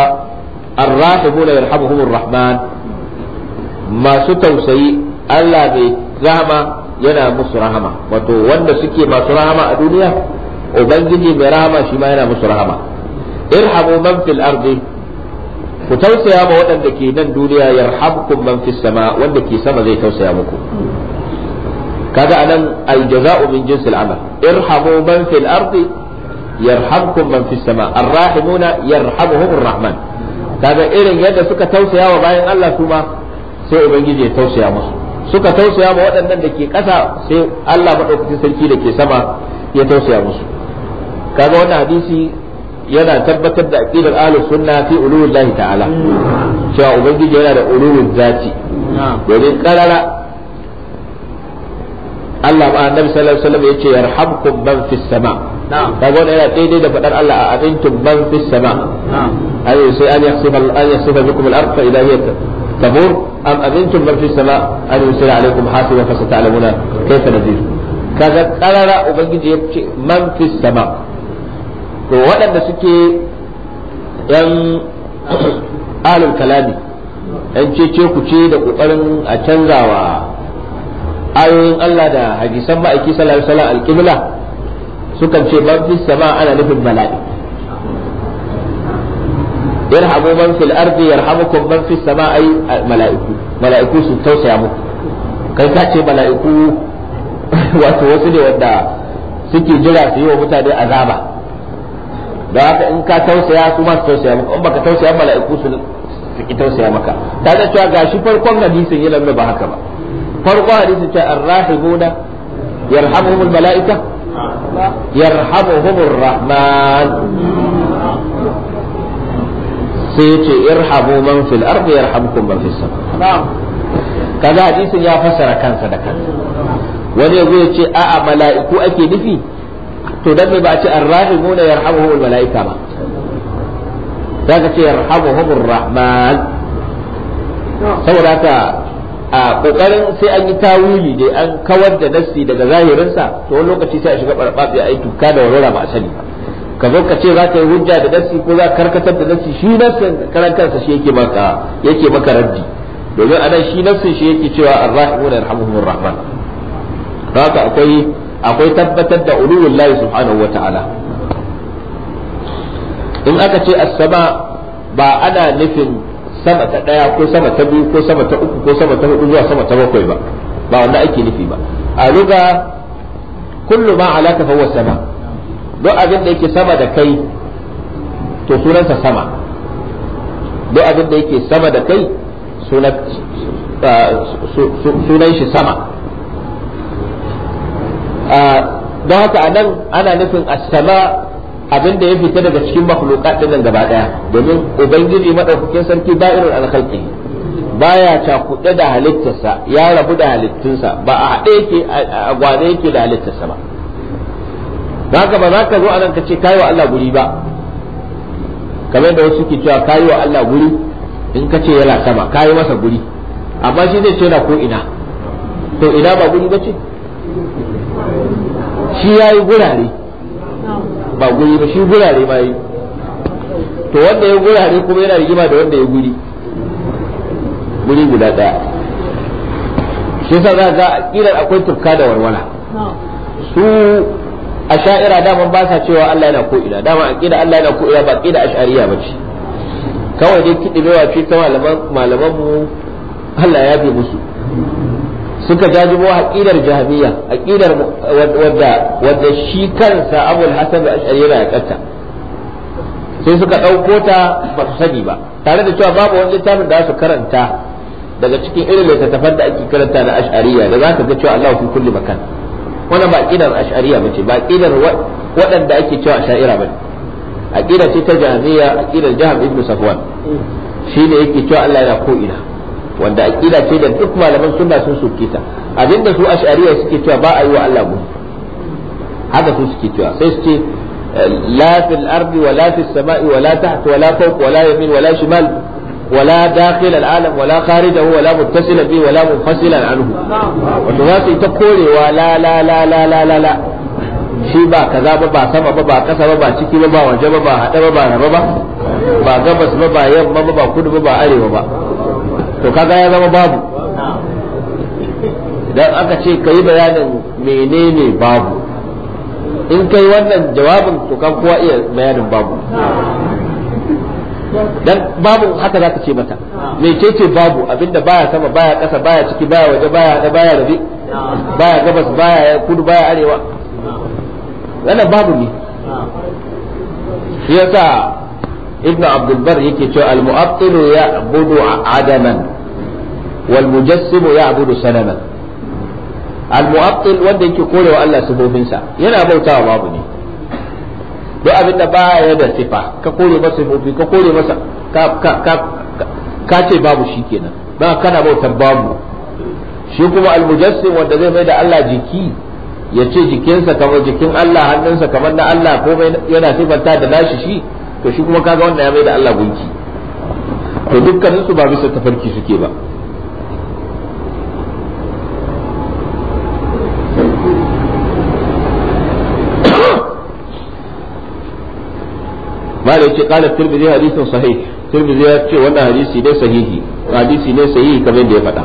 ar-rahibuna yarhamuhum ar-rahman masu tausayi Allah bai rahama yana musu rahama wato wanda suke masu rahama a duniya ubangiji mai rahama shi ma yana musu rahama irhamu man fil ardi ku tausaya ma waɗanda ke nan duniya yarhamkum man fis sama wanda ke sama zai tausaya muku kaga anan aljaza'u min jinsil amal irhamu man fil ardi yarhamkum man fis sama arrahimuna yarhamuhum arrahman kaga irin yadda suka tausaya wa bayan Allah su ma sai ubangiji ya tausaya musu suka tausaya ma waɗannan da ke ƙasa sai Allah madaukakin sarki da ke sama ya tausaya musu kaga wannan hadisi yana tabbatar da aqidar ahlus sunna fi ululillahi ta'ala cewa ubangiji yana da ululul zati domin karara Allah ba annabi sallallahu alaihi wasallam yace yarhamkum man fis sama kaga wannan yana daidai da fadar Allah a amintum man fis sama ayo sai an yahsiba an yahsiba bikum al-ard fa idha hiya tabur am amintum man fis sama an yusila alaikum hasiba fa sata'lamuna kayfa nadir kaga karara ubangiji yace man fis sama to waɗanda suke yan alul kalami yan cece ku ce da ƙoƙarin a canzawa ayoyin Allah da hadisan ma'aiki sallallahu alaihi wasallam alqibla sukan ce ban fi sama ana nufin mala'i yarhamu man fil ardi yarhamukum man fi sama'i mala'iku mala'iku su tausaya muku kai ka ce mala'iku wato wasu ne wanda suke jira su yi wa mutane azaba da haka in ka tausaya su masu tausaya maka in baka tausaya mala'iku su su ki tausaya maka ta da cewa gashi farkon hadisin yana nuna ba haka ba farkon hadisin ta arrahibuna yarhamuhumul mala'ika yarhamuhumur rahman sai yace irhamu man fil ardi yarhamkum man fis sama kaga hadisin ya fassara kansa da kansa wani yazo ya ce a'a mala'iku ake nufi to dan me ba a ce arrahimuna yarhamuhumul malaika ba zaka ce yarhamuhumur rahman saboda ta a kokarin sai an yi tawili dai an kawar da nassi daga zahirinsa to wani lokaci sai a shiga barbabi a yi tuka da warwara ba a sani ka zo ka ce za ka yi hujja da nassi ko za ka karkatar da nassi shi nassin karan kansa shi yake maka yake maka raddi domin anan shi nassin shi yake cewa arrahimun yarhamuhumur rahman haka akwai akwai tabbatar da uluwul lahi subhanahu wata'ala in aka ce as-sama ba ana nufin sama ta daya ko sama ta biyu ko sama ta uku ko sama ta hudu zuwa sama ta bakwai ba ba wanda ake nufi ba a ruga kullu ma alaka fa huwa sama duk abin da yake sama da kai to sunansa sama duk abin da yake sama da kai sunan shi sama don haka anan ana nufin as-sama abin da ya fita daga cikin makhluqat din nan gaba daya domin ubangiji madaukakin sarki da'irul al-khalqi baya cakuɗe da halittarsa ya rabu da halittunsa ba a haɗe yake a gwane yake da halittarsa ba haka ba za ka zo anan ka ce kayi wa Allah guri ba kamar da wasu ke cewa kayi wa Allah guri in ka ce yana sama kayi masa guri amma shi zai ce na ko ina to ina ba guri ba ce shi ya yi gurare ba guri ba shi gurare ba yi to wanda ya gurare kuma yana rigima da wanda ya guri guri guda daya shi sa za ga kiran akwai tufka da warwala su a sha'ira daman ba sa cewa Allah yana ko ina a aqida Allah yana ba ina a aqida ba ce kawai dai kiɗi mewa ce ta malaman mu Allah ya fi musu suka jajibo aqidar jahmiya aqidar wadda wadda shi kansa abul hasan da ashari yana yakanta sai suka ɗauko ta ba su sani ba tare da cewa babu wani littafin da za su karanta daga cikin irin littattafan da ake karanta na ash'ariya da za ka ga cewa Allah fi kulli makan wannan ba aqidar ash'ariya bace ba ƙidar waɗanda ake cewa ash'ira a ƙidar ce ta jahmiya ƙidar jahm ibn safwan shine yake cewa Allah yana ko ina wanda aqida ce da duk malaman suna sun soke ta abinda su ash'ariya suke cewa ba a yi wa Allah gunki haka su suke cewa sai su ce la fil ardi wa la fis sama'i wa la taht wa la fawq wa la yamin wa la shimal ولا داخل العالم ولا خارجه ولا متصلا به ولا منفصلا عنه wanda za su yi ta korewa la la la la la la la shi ba kaza ba ba sama ba ba kasa ba ba ciki ba ba waje ba ba hada ba ba raba ba ba gabas ba ba yamma ba ba kudu ba ba arewa ba to kaga ya zama babu idan aka ce ka yi bayanin menene babu in kai wannan jawabin to kan kowa iya bayanin babu dan babu haka zaka ce mata ce babu abinda baya sama baya kasa baya ciki baya waje baya da baya rabi baya gabas baya kudu baya arewa wannan babu ne yasa ibn abdulbar yake cewa al-mu'attilu ya'budu adaman wal mujassimu ya'budu sanaman al-mu'attil wanda yake korewa Allah sifofinsa yana bautawa babu ne duk abinda baya da sifa ka kore masa sifofi ka kore masa ka ce babu shi kenan ba kana bautar babu shi kuma almujassim wanda zai mai da Allah jiki ya ce jikinsa kamar jikin Allah hannunsa kamar na Allah komai yana sifanta da nashi shi to shi kuma kaga wanda ya mai da Allah gunki to dukkanin su ba bisa tafarki suke ba malai ce qala tirmidhi hadithun sahih tirmidhi ya ce wannan hadisi ne sahihi hadisi ne sahihi kamar da ya faɗa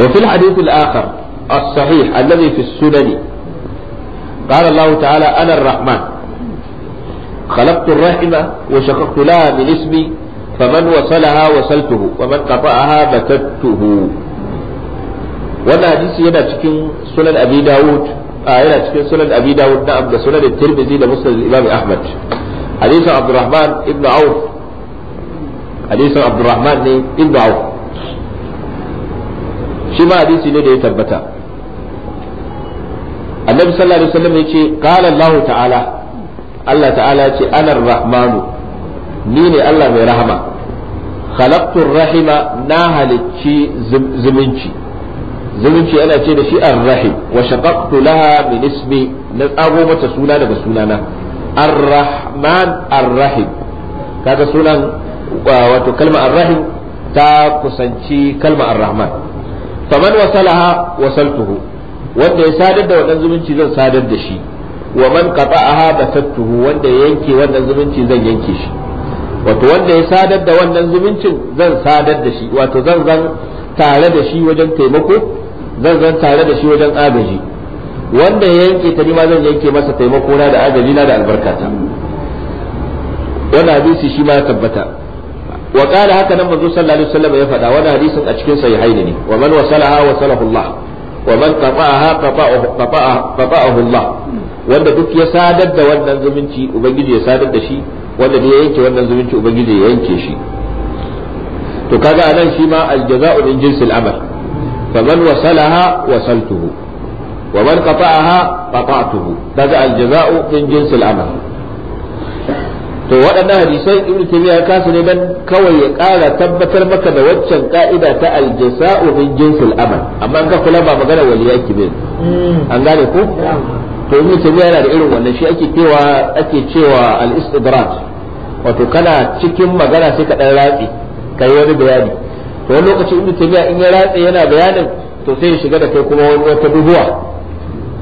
وفي الحديث الآخر الصحيح الذي في السنن قال الله تعالى أنا الرحمن خلقت الرحم وشققت لها من اسمي فمن وصلها وصلته ومن قطعها بتته wannan hadisi yana cikin sunan abi dawud a yana cikin sunan abi dawud na sunan tirmidhi da musnad imam ahmad hadisin abdurrahman ibn auf hadisin abdurrahman ne ibn auf shi ma hadisi ne da ya tabbata annabi sallallahu alaihi wasallam yace qala allah ta'ala Allah ta'ala ce anar rahmanu ni ne Allah mai rahama khalaqtur rahima na halicci zumunci zumunci ana ce da shi ar-rahim wa shaqaqtu laha min ismi na tsago mata suna daga sunana ar-rahman ar-rahim kaga sunan wato kalma ar-rahim ta kusanci kalma ar-rahman faman wasalaha wasaltuhu wanda ya sadar da wannan zumunci zan sadar da shi wa man qata'aha batattuhu wanda ya yanke wannan zumunci zan yanke shi wato wanda ya sadar da wannan zumuncin zan sadar da shi wato zan zan tare da shi wajen taimako zan zan tare da shi wajen agaji wanda ya yanke ta ma zan yanke masa taimako na da agaji na da albarkata wannan hadisi shi ma tabbata wa qala haka nan manzo sallallahu alaihi wasallam ya faɗa wannan hadisin a cikin sahihaini ne wa man wasalaha wasalahu Allah wa man qata'aha qata'ahu Allah wanda duk ya sadar da wannan zumunci ubangiji ya sadar da shi wanda ya yanke wannan zumunci ubangiji ya yanke shi to kaga anan shi ma aljaza'u min jinsil amal faman wasalaha wasaltuhu wa man qata'aha qata'tuhu kaga aljaza'u min jinsil amal to waɗannan hadisai ibnu taymiya ya kasu ne dan kawai ya ƙara tabbatar maka da waccan ka'ida ta aljaza'u min jinsil amal amma ka kula ba magana waliya kibir mm. an gane ko to ibn tabiya yana da irin wannan shi ake cewa ake cewa al istidraj wato kana cikin magana sai ka dan ratsi kai wani bayani to wani lokaci ibn tabiya in ya ratsi yana bayanin to sai ya shiga da kai kuma wani wata duhuwa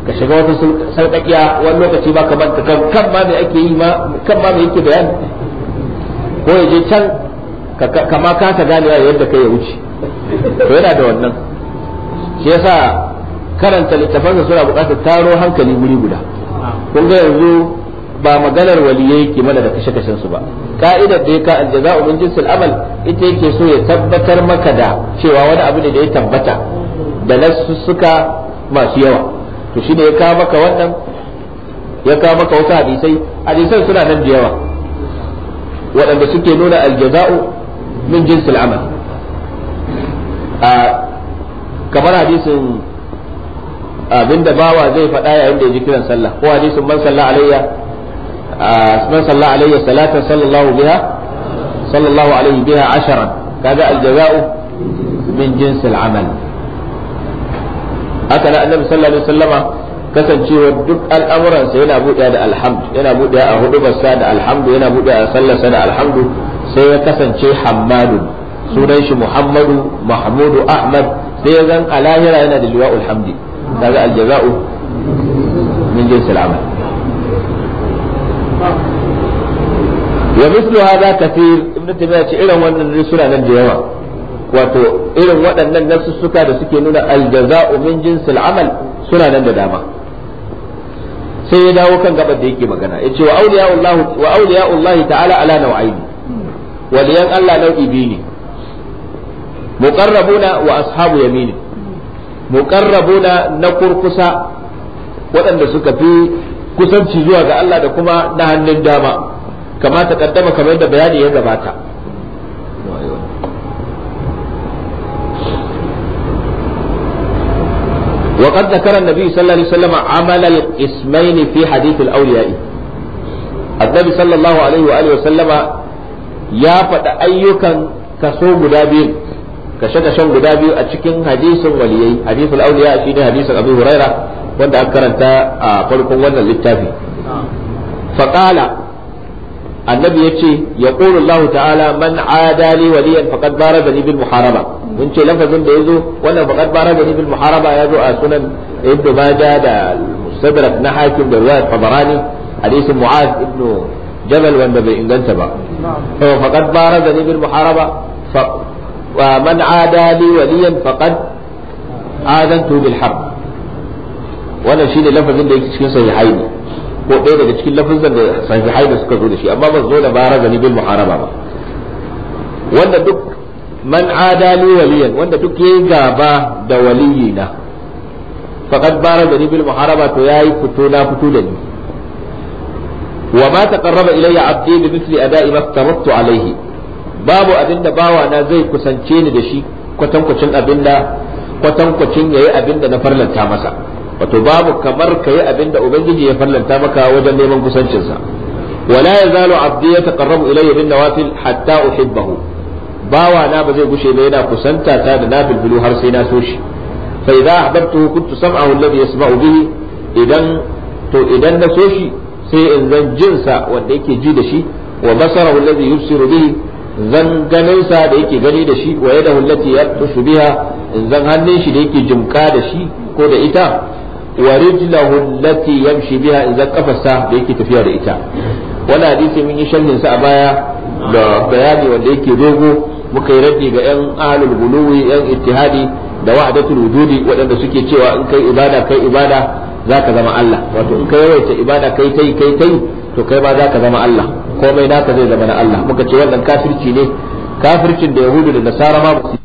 ka shiga wata sarkakiya wani lokaci ba kamar ka kan kan ma me ake yi ma kan ma me yake bayani ko ya je can kama kasa ganewa yadda kai ya wuce to yana da wannan shi yasa karanta littafansa suna buƙatar taro hankali wuri guda kun ga yanzu ba maganar waliyai ke mana da kashe kashen su ba ka'idar da ya ka aljaza min jinsil amal ita yake so ya tabbatar maka da cewa wani abu ne da ya tabbata da nasu suka masu yawa to shine ya kawo maka wannan ya kawo maka wasu hadisai hadisai suna nan da yawa waɗanda suke nuna aljaza'u min jinsil amal a kamar hadisin abinda bawa zai faɗa yayin da ya ji kiran sallah ko hadisin man salla alayya man salla alayya salatan sallallahu biha sallallahu alayhi biha asharan kaga aljaza'u min jinsil amal haka na annabi sallallahu alaihi wasallama kasancewar duk al'amuransa yana buɗe da alhamdu yana buɗe a hudubarsa da alhamdu yana buɗe a sallarsa da alhamdu sai ya kasance hammadu sunan shi muhammadu mahmudu ahmad sai ya zan a lahira yana da liwa hamdi kaga aljaza'u min jinsil amal wa mislu hadha kathir ibnu tabiya ce irin wannan suna nan da yawa wato irin waɗannan suka da suke nuna aljaza'u min jinsil amal suna nan da dama sai ya dawo kan gabar da yake magana yace wa awliya'ullahi wa awliya'ullahi ta'ala ala nau'aini waliyan Allah nau'i biyu ne muqarrabuna wa ashabu yamini muqarrabuna na kurkusa waɗanda suka fi kusanci zuwa ga Allah da kuma na hannun dama kamata kaddama kamar yadda bayani ya gabata وقد ذكر النبي صلى الله عليه وسلم عمل القسمين في حديث الأولياء النبي صلى الله عليه وآله وسلم يا فد أيك كسو kashe-kashen guda biyu a cikin hadisin waliyai hadisul auliya ne hadisin abu huraira wanda aka karanta a farkon wannan littafi faqala annabi ya ce. ya allah ta'ala man adali waliyan faqad da bil muharaba mun ce lafazin da ya zo wannan faqad barazani bil muharaba zo a sunan ibnu majah da mustadrak na hakim da riwayat tabarani hadisin mu'az ibnu jabal wanda bai inganta ba faqad barazani bil muharaba man adali waliyan faqad adantu bil harb wannan shine lafazin da yake cikin sahihaini ko ɗaya daga cikin lafazin da sahihaini suka zo da shi amma ba zo da bara ni bil muharaba ba wanda duk man adali waliyan wanda duk yayi gaba da waliyina faqad bara ni bil muharaba to yayi fito na fito da ni wa وما تقرب إلي عبدي بمثل أداء ما افترضت عليه babu abin da bawa na zai kusance ni da shi kwatankwacin abin da kwatankwacin yayi abin da na farlanta masa wato babu kamar ka yi abin da ubangiji ya farlanta maka wajen neman kusancinsa wala yazalu abdi yataqarrabu ilayya bin nawafil hatta uhibbahu bawa na ba zai gushe ba yana kusanta ta da nafilbilu har sai na so shi fa idza ahbabtuhu kuntu sam'ahu alladhi yasma'u bihi idan to idan na so shi sai in zan jinsa wanda yake ji da shi wa basarahu alladhi yubsiru bihi sa da yake gani da shi wa yadahu allati yabtashu biha zan hannun shi da yake jimka da shi ko da ita wa rijlahu allati yamshi biha zan kafarsa da yake tafiya da ita wannan hadisi mun yi shannin sa a baya da bayani wanda yake dogo muka yi raddi ga yan ahlul guluwi yan ittihadi da wa'datul wujudi waɗanda suke cewa in kai ibada kai ibada zaka zama Allah wato in kai yawaita ibada kai tai kai tai to kai ma za ka zama Allah komai naka zai zama na Allah muka ce wannan kafirci ne kafircin da yahudu da nasara ma ba su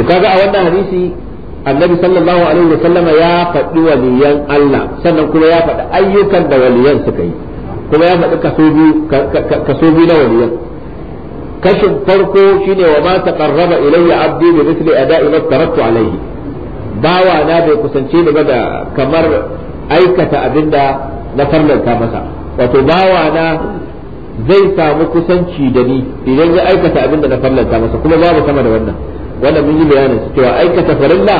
to kaga a wannan hadisi annabi sallallahu alaihi wa wasallam ya faɗi waliyan Allah sannan kuma ya faɗi ayyukan da waliyan suka yi kuma ya faɗi kaso biyu na waliyan kashin farko shine wa ma taqarraba ilayya abdi bi mithli ada'i ma tarattu alayhi bawa na bai kusance ni ba da kamar aikata abinda na farlanta masa wato bawa na zai samu kusanci da ni idan ya aikata abinda na farlanta masa kuma babu sama da wannan wanda mun yi bayanin cewa aikata farilla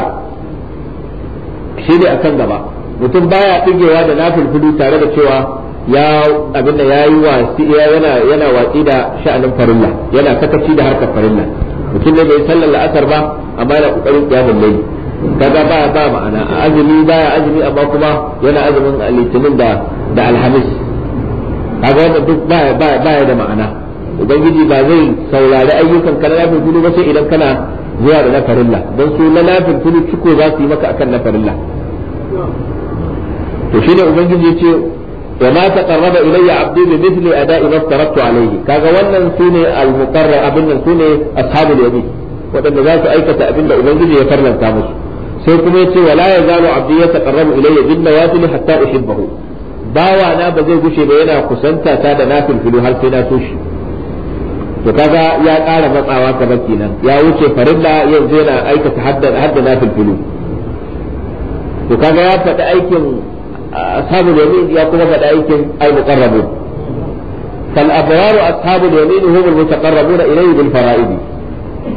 shi ne akan gaba mutum baya digewa da nafilfilu tare da cewa ya abin da yayi wasi yana yana watsi da sha'anin farilla yana kakaci da harkar farilla mutum ne bai sallar la'asar ba amma yana kokarin kiyamul layl kaga ba ba ma'ana azumi baya azumi amma kuma yana azumin litinin da da alhamis kaga wannan duk baya baya da ma'ana ubangiji ba zai saurari ayyukan kana na gudu ba sai idan kana zuwa da na farilla don su na nafin tuni ciko za su yi maka akan na farilla to shine ubangiji ya ce wa ma taqarraba ilayya abdi bi mithli ada'i ma taraktu alayhi kaga wannan sune al-muqarra abin nan sune ashabul yamin wadanda za su aikata abin da ubangiji ya farlanta musu sai kuma yace wala yazalu abdi yataqarrabu ilayya bin nawafil hatta uhibbahu bawa na ba zai gushe ba yana kusanta ta da fili har sai na so shi to kaga ya ƙara matsawa gaba kenan ya wuce farilla yanzu yana aikata haddana filfilu to kaga ya faɗi aikin ashabul yamin ya kuma faɗi aikin al-muqarrabun fal abrar ashabul yamin hum al-mutaqarrabuna ilayhi bil fara'id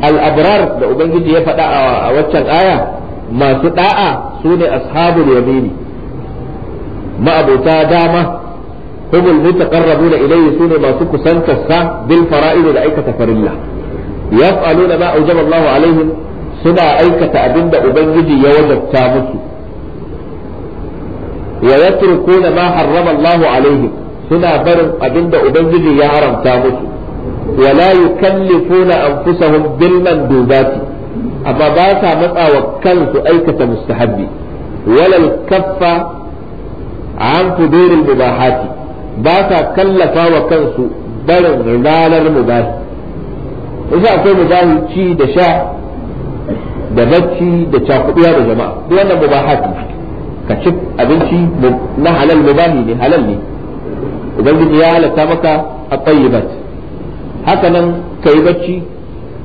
al abrar da ubangiji ya faɗa a waccan aya masu da'a sune ashabul yamin ma'abuta dama humul mutaqarrabuna ilayhi sune masu kusantar sa bil fara'id da aikata farilla yaf'aluna ma awjaba Allahu alaihim suna aikata abinda ubangiji ya wajabta musu wa yatrukuna ma harrama Allahu alaihim suna barin abinda ubangiji ya haramta musu ولا يكلفون أنفسهم بالمندوبات أما باسا مطا وكلت أيكة مستحب ولا الكف عن فدور المباحات ba sa kallafa wa kansu barin ranar mubahi yasa akwai mubahi ci da sha da bacci da cakuduwa da jama'a duk wannan mubahati ka ci abinci na halal mubahi ne halal ne ubangiji ya halatta maka a tayyibat haka nan ka yi bacci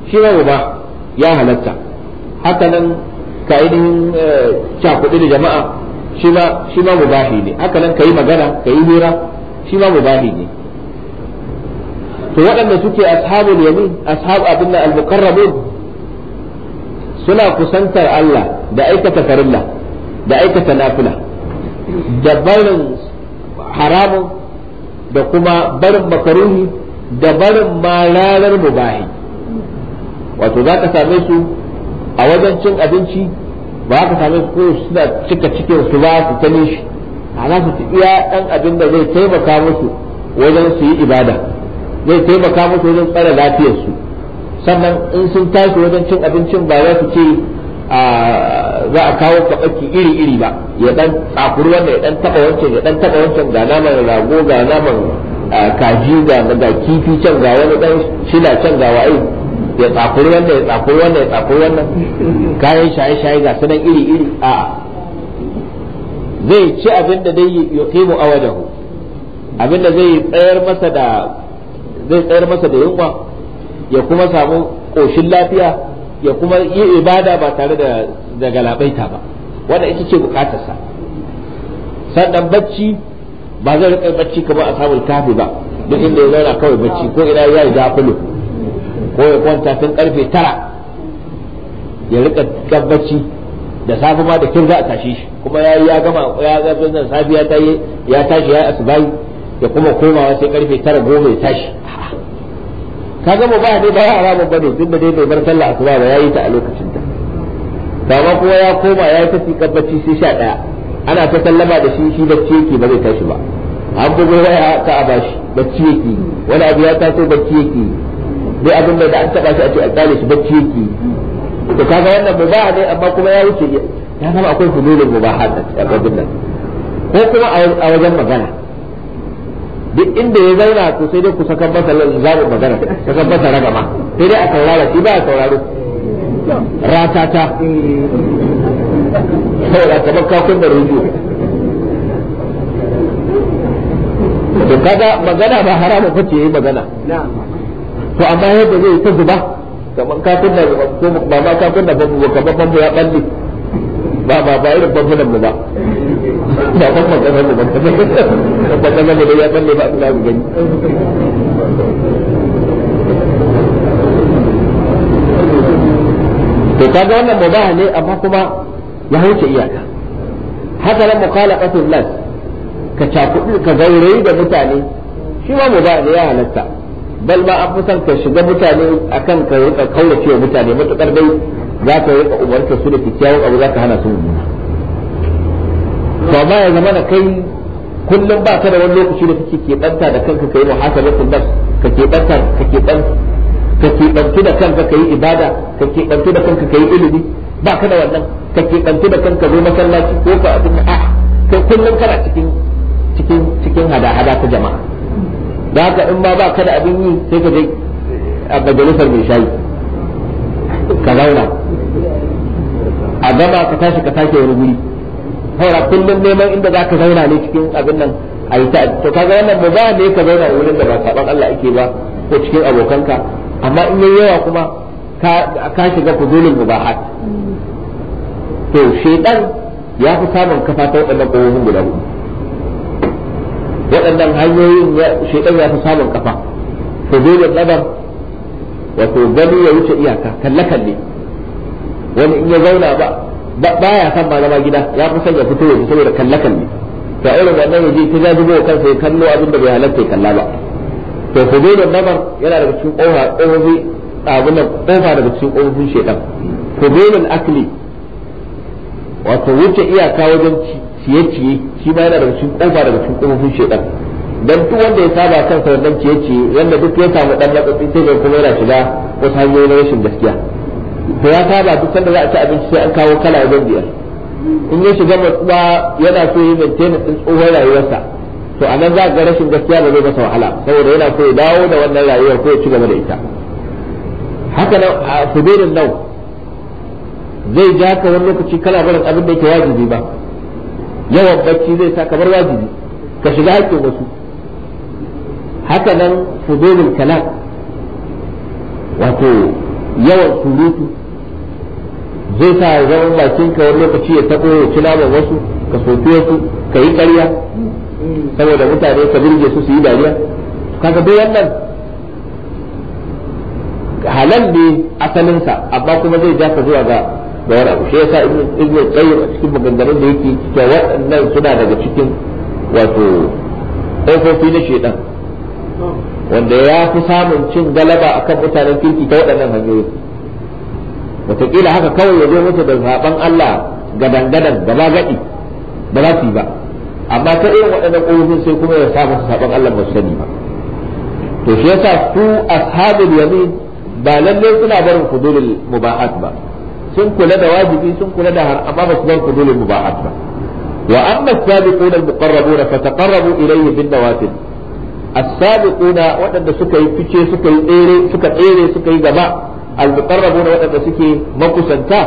shi ma ba ya halatta haka nan ka ainihin eh, cakudu da jama'a shi ma mubahi ne haka nan ka yi magana ka yi hira shi ma mubahi ne to waɗanda suke ashabul yamin ashab abin nan al-muqarrabun suna kusantar Allah da aikata farilla da aikata nafila da barin haramun da kuma barin makaruhi da barin malalar mubahi wato za ka same su a wajen cin abinci ba ka same su ko suna cika cikin su ba su ta shi. ana su ci iya ɗan abin da zai taimaka musu wajen su yi ibada zai taimaka musu wajen tsare lafiyarsu sannan in sun tashi wajen cin abincin ba za su ce za a kawo kaɓaki iri-iri ba ya ɗan tsakuri wanda ya ɗan taɓa wancan ya ɗan taɓa wancan ga naman rago ga naman kaji ga kifi can ga wani ɗan shila can ga wa'ai ya tsakuri wannan ya tsakuri wannan ya tsakuri wannan kayan shaye-shaye ga sunan iri-iri a zai ci abin da dai yuqimu awadahu abin da zai tsayar masa da zai tsayar masa da yunwa ya kuma samu koshin lafiya ya kuma yi ibada ba tare da da galabaita ba wanda ita ce bukatarsa sannan bacci ba zai rika bacci kamar samun kafi ba duk inda ya zauna kawai bacci ko ina ya yi zafulu ko ya kwanta tun karfe tara ya rika bacci da safe ma da kin za a tashi shi kuma ya ya gama ya ga nan safiya ta yi ya tashi ya asbai ya kuma komawa sai karfe 9 goma ya tashi ka gama ba ne ba haramun bane tunda dai bai bar sallah asuba ba yayi ta a lokacin ta kama kuma ya koma ya ta fi kabbaci sai sha daya ana ta sallama da shi shi bacci yake ba zai tashi ba an bugo waya ta a bashi bacci yake wani abu ya taso bacci yake dai abin da an taba shi a ce a tsale shi bacci yake to kaga wannan mubaha ne amma kuma ya wuce ya zama akwai hululul mubaha a cikin nan ko kuma a wajen magana duk inda ya zauna to sai dai ku saka masa zaɓin magana saka masa ragama sai dai a saurara shi ba a sauraro ratata saboda kamar kakun da rediyo to kaga magana ba haramun kwace yi magana to amma yadda zai ta zuba kamar ka kunna ba ma ka kunna ba ba kamar ya balle ba ba ba irin bangunan mu ba ba ban maganar mu ba ba kaga mu da ya balle ba Allah mu gani to kaga wannan mubah ne amma kuma ya wuce iyaka haka nan muqalaqatul nas ka cakudu ka gaurayi da mutane shi ma mubah ne ya halatta bal ma an fi son ka shiga mutane akan ka rika kaurace mutane matukar dai za ka rika umarta su da kikkiawan abu za ka hana su to amma ya zama na kai kullum ba ka da wani lokaci da kake keɓanta da kanka ka kai muhasabatun nafs ka keɓanta ka keɓanta ka keɓantu da kanka ka yi ibada ka keɓantu da kanka ka yi ilimi ba ka da wannan ka keɓantu da kanka zo masallaci ko ka abin a kai kullum kana cikin cikin cikin hada-hada ta jama'a da haka in ba ka da abin yi sai ka je eh, a majalisar mai shayi ka zauna a gama ka tashi ka sake wani guri haura kullum neman inda za ka zauna ne cikin abin nan a yi ta to ka zauna ba za ne ka zauna a wurin da ba saban Allah ake ba ko cikin abokanka amma in yayi yawa kuma ka shiga ba mubahat to shaidan ya fi samun kafa ta waɗannan ƙwayoyin guda hudu waɗannan hanyoyin shekar ya fi samun kafa fuzulun nazar wato gani ya wuce iyaka kalle kalle wani in ya zauna ba ba ya san ba zama gida ya fi sanya ya fito waje saboda kalle kalle ta irin wannan yaje ta ja dubo kansa ya kallo abin da bai halatta ya kalla ba to fuzulun nazar yana daga cikin ƙofa ƙofofi abin da ƙofa daga cikin ƙofofin shaidan fuzulun akli wato wuce iyaka wajen ciye-ciye shi ma yana daga cikin kofa daga cikin kofofin shedan dan duk wanda ya saba kan sa wannan ciye-ciye wanda duk ya samu dan matsatsi sai ga kuma yana shiga wasu hanyoyi na rashin gaskiya to ya saba duk sanda za a ci abinci sai an kawo kala wajen biyar in ya shiga matsuwa yana so yi maintain din tsohon rayuwarsa to a nan za ga rashin gaskiya ba zai masa wahala saboda yana so ya dawo da wannan rayuwar ko ya ci gaba da ita haka nan a fudurin nau zai ja ka wani lokaci kana barin abin da yake wajibi ba yawan bacci zai sa kamar wajibi ka shiga haƙƙin wasu haka nan fudulul kalam wato yawan surutu zai sa zaman bakin ka wani lokaci ya taɓo ya ci naman wasu ka soki wasu ka yi ƙarya saboda mutane ka birge su su yi dariya kaga duk wannan halal ne asalinsa amma kuma zai ja ka zuwa ga da wani abu shi yasa yi tsayi a cikin maganganun da yake cewa waɗannan suna daga cikin wato ƙofofi na shaidan wanda ya fi samun cin galaba akan mutanen kirki ta waɗannan hanyoyi wataƙila haka kawai ya zo musu da zaben Allah gadan-gadan gaba gaɗi ba za su yi ba amma ta irin waɗannan ƙofofin sai kuma ya sa su saɓon Allah ba su sani ba to shi ya sa su ashabul yamin ba lallai suna barin kudurin mubahat ba sun kula da wajibi sun kula da har amma ba su bar dole mubahad ba wa amma as-sabiquna al-muqarrabuna fataqarrabu ilayhi bin nawafil as-sabiquna waɗanda suka yi fice suka yi tsere suka tsere suka yi gaba al-muqarrabuna waɗanda suke makusanta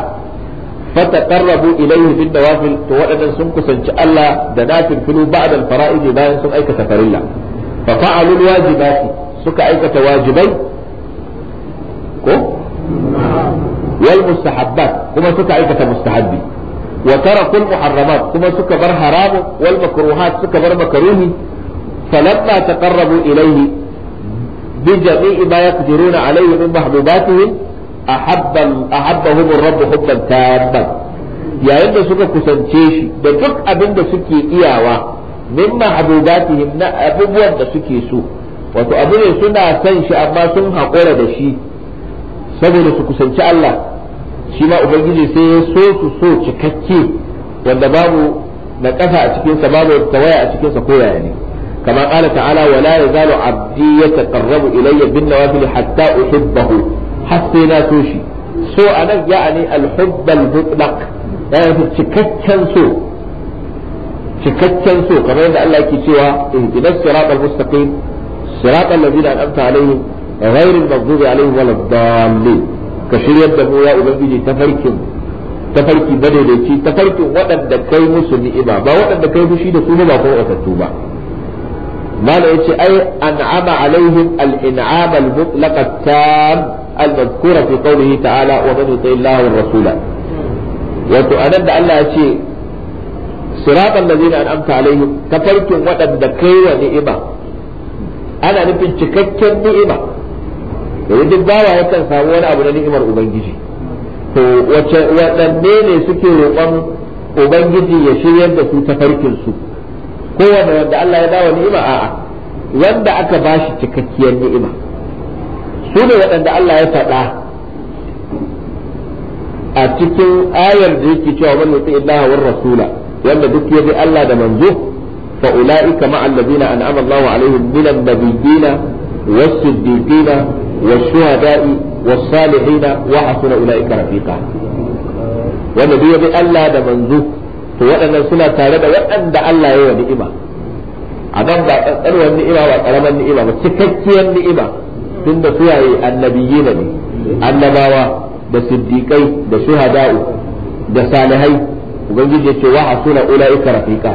fataqarrabu ilayhi bin nawafil to wadanda sun kusanci Allah da nafil filu ba'da al-fara'id bayan sun aikata farilla fa fa'alu al-wajibati suka aikata wajibai ko wal mustahabbat kuma suka aikata mustahabbi wa tarakul muharramat kuma suka bar haramun wal makruhat suka bar makaruhi falamma taqarrabu ilayhi bi jami'i ma yaqdiruna alayhi min mahbubatihim ahabba ahabbahum ar-rabb hubban tamman yayin da suka kusance shi da duk abinda da suke iyawa min mahbubatihim na abubuwan da suke so wato abu ne suna son shi amma sun haƙura da shi saboda su kusanci Allah shi ma ubangiji sai ya so so cikakke wanda babu na a cikin sa babu tawaya a cikin sa koyaya ne kama kala ala wala yazalu abdi yataqarrabu ilayya bin nawafil hatta uhibbahu har sai na so shi so anan ya ani al-hubb al-mutlaq cikakken so cikakken so kamar yadda Allah yake cewa ihdinas siratal mustaqim siratal ladina an'amta alaihim ghayril maghdubi alaihim waladdallin ka shiryar da mu ya ubangiji tafarkin tafarki madaidaici tafarkin waɗanda kai musu ni'ima ba waɗanda kai fushi da su ba kuma watattu ba mala ce ai an'ama alaihim al-in'am al-mutlaq at-tam al-madhkura fi qawlihi ta'ala wa man yuti Allahu rasula wato anan da Allah ya ce siratan ladina an'amta alaihim tafarkin waɗanda kai wa ni'ima ana nufin cikakken ni'ima yanzu duk bawa yakan samu wani abu na ni'imar ubangiji to wace waɗanne ne suke roƙon ubangiji ya shiryar da su ta farkin su kowanne wanda Allah ya dawo ni'ima a'a wanda aka bashi cikakkiyar ni'ima su ne waɗanda Allah ya faɗa a cikin ayar da yake cewa man yuti illaha war rasula wanda duk ya bi Allah da manzo fa ulaika ma allazina an'ama Allahu alaihim minan nabiyina was siddiqina والشهداء والصالحين وحسن أولئك رفيقا والنبي يبي ألا ده منذ وأن سنة تارد وأن ده ألا يوى نئمة أمام ده أنوى النئمة وألم النئمة وتككي النئمة tun da suwaye annabiyyi ne annabawa da siddiƙai da shuhada'u da salihai ubangiji ya ce wa hasuna ulaika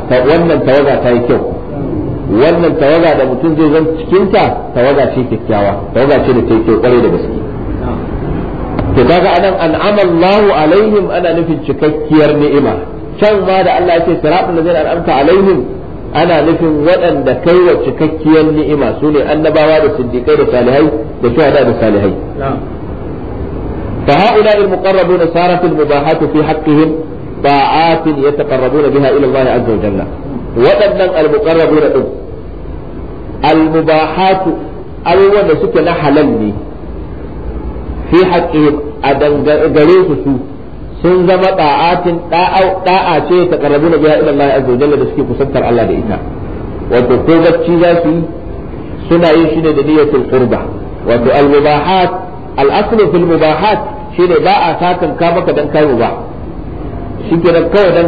ta wannan tawaga ta yi kyau wannan tawaga da mutum zai zan cikinta tawaga ce kyakkyawa tawaga ce da take kware da gaske to kaga anan an'ama Allahu alaihim ana nufin cikakkiyar ni'ima can ma da Allah yake siratul ladzina an'amta alaihim ana nufin waɗanda kai wa cikakkiyar ni'ima su ne annabawa da siddiqai da salihai da shuhada da salihai فهؤلاء المقربون صارت المباحات في حقهم طاعات يتقربون بها إلى الله عز وجل waɗannan al-muqarrabu da ɗin al-mubahatu abubuwan da suke na halal ne fi haƙƙi a dangare su su sun zama da'atin da'a ce ta karrabu da biha ila Allah azza wa da suke kusantar Allah da ita wato ko bacci za su yi suna yin shi ne da niyyatul qurba wato al-mubahat al-aslu fil mubahat shine ba a sakan ka maka dan kai ba shikenan kawai dan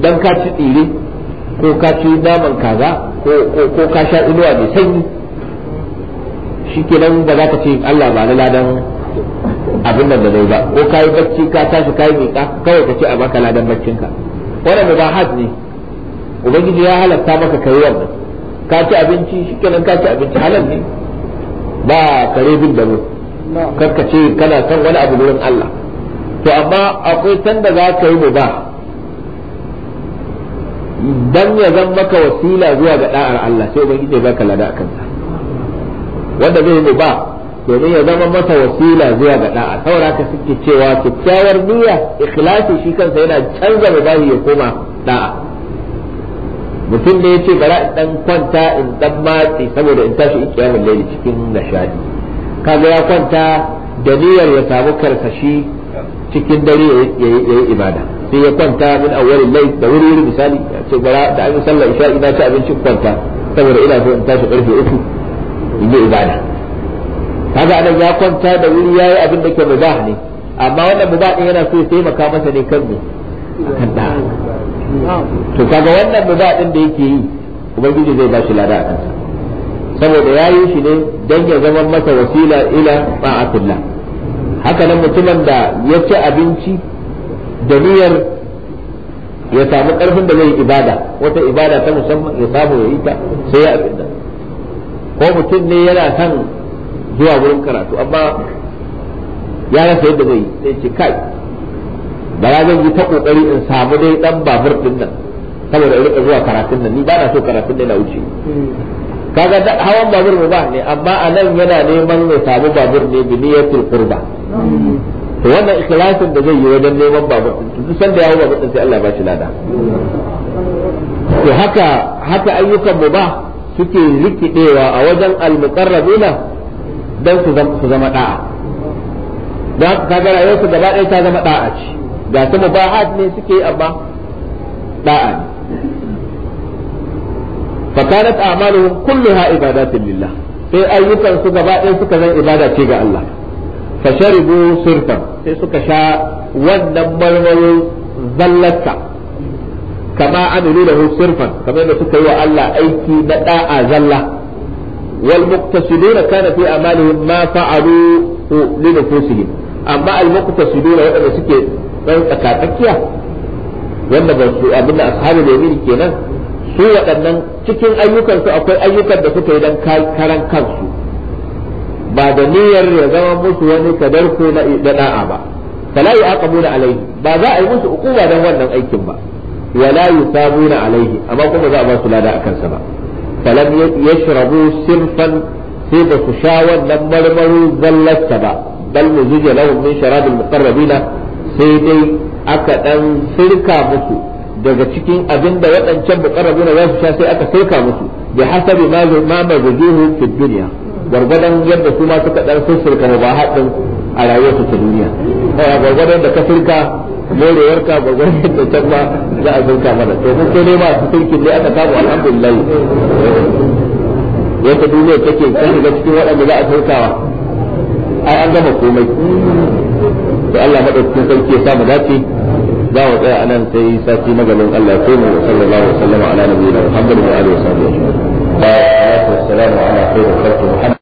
dan ka ci tsire ko ka ci naman kaza ko ka sha inuwa mai sanyi shi kenan ba za ka ce Allah ba na ladan abin nan da zai ba ko ka yi bacci ka tashi ka yi miƙa kawai ka ce a maka ladan baccinka wannan mubahat ne ubangiji ya halatta maka kai wanda ka ci abinci shi kenan ka ci abinci halal ne ba kare bin da mu karka ce kana kan wani abu wurin Allah to amma akwai sanda za ka yi mu ba. dan ya zan maka wasila zuwa ga da'ar Allah sai ubangiji ya baka lada akan sa wanda zai mu ba domin ya zama masa wasila zuwa ga da'a saboda ka suke cewa kyakkyawar niyya ikhlasi shi kansa yana canza mubahi ya koma da'a mutum da yace bara in dan kwanta in dan matsi saboda in tashi ikiyamul layli cikin nishadi kaga ya kwanta da niyyar ya samu karsashi cikin dare ya yi ibada sai ya kwanta min awwalil layl da wuri wuri misali ce gara da an sallar isha ina ci abinci kwanta saboda ina so in tashi karfe uku in yi ibada kaga anan ya kwanta da wuri yayi abin da ke mubah ne amma wannan mubah din yana so ya taimaka masa ne kan me kan da to kaga wannan mubah din da yake yi ubangiji zai ba shi lada a kansa saboda yayi shi ne dan ya zama masa wasila ila ta'atullah haka nan mutumin da ya ci abinci da niyyar ya samu karfin da zai yi ibada wata ibada ta musamman ya samu ya yi ta sai ya abinda ko mutum ne yana son zuwa wurin karatu amma ya rasa yadda zai sai ce kai ba ya zan yi ta kokari in samu dai dan babur din nan saboda in rika zuwa karatun nan ni ba na so karatun da na wuce hmm. kaga hawan babur ba ne amma anan yana neman ya samu babur ne bi niyyatul qurba to wannan ikhlasin da zai yi wajen neman babur duk ya yawo babur sai Allah ba shi lada to haka haka ayyukan ba suke rikidewa a wajen almuqarrabina dan su zama da'a ga kaga su gaba ɗaya ta zama da'a ce ga su mubahat ne suke amma da'a ne fa kanat a'maluhum kulluha ibadatin lillah sai ayyukan su gaba ɗaya suka zan ibada ce ga Allah fa sharibu sirfan sai suka sha wannan marmaro zallata kama amilu lahu sirfan kamar da suka yi wa Allah aiki na da'a zalla wal muqtasiduna kana fi amalihim ma fa'alu li nufusihim amma al muqtasiduna wadanda suke dan tsakatsakiya wanda ba su abinda ashabu da yamin kenan su waɗannan cikin ayyukansu akwai ayyukan da suka yi don karan kansu ba da niyyar ya zama musu wani kadarko na da'a ba fala aqabuna alaihi ba za a yi musu hukuma don wannan aikin ba wala yusabuna alaihi amma kuma za a ba su lada akan sa ba falam yashrabu sirfan sai ba su sha wannan marmaru zallata ba bal muzija lahum min sharabil muqarrabina sai dai aka dan sirka musu daga cikin abin da waɗancan muqarrabuna za su sha sai aka soka musu bi hasabi ma ma mazuhu fi dunya gargadan yadda kuma suka dan sussurka mubahat din a rayuwarsu ta duniya eh, gargadan da ka surka morewarka gargadan da ta ma za a surka mana to mun sai ne ma su surkin ne aka samu alhamdulillah eh, yadda duniya take kan shiga cikin waɗanda za a surkawa ai an gama komai da Allah madaukakin sarki ya samu dace za mu tsaya anan sai sati maganin Allah ya kai mu sallallahu alaihi wa sallam ala nabiyina Muhammad wa alihi wa sahbihi wa sallam ala khairu Muhammad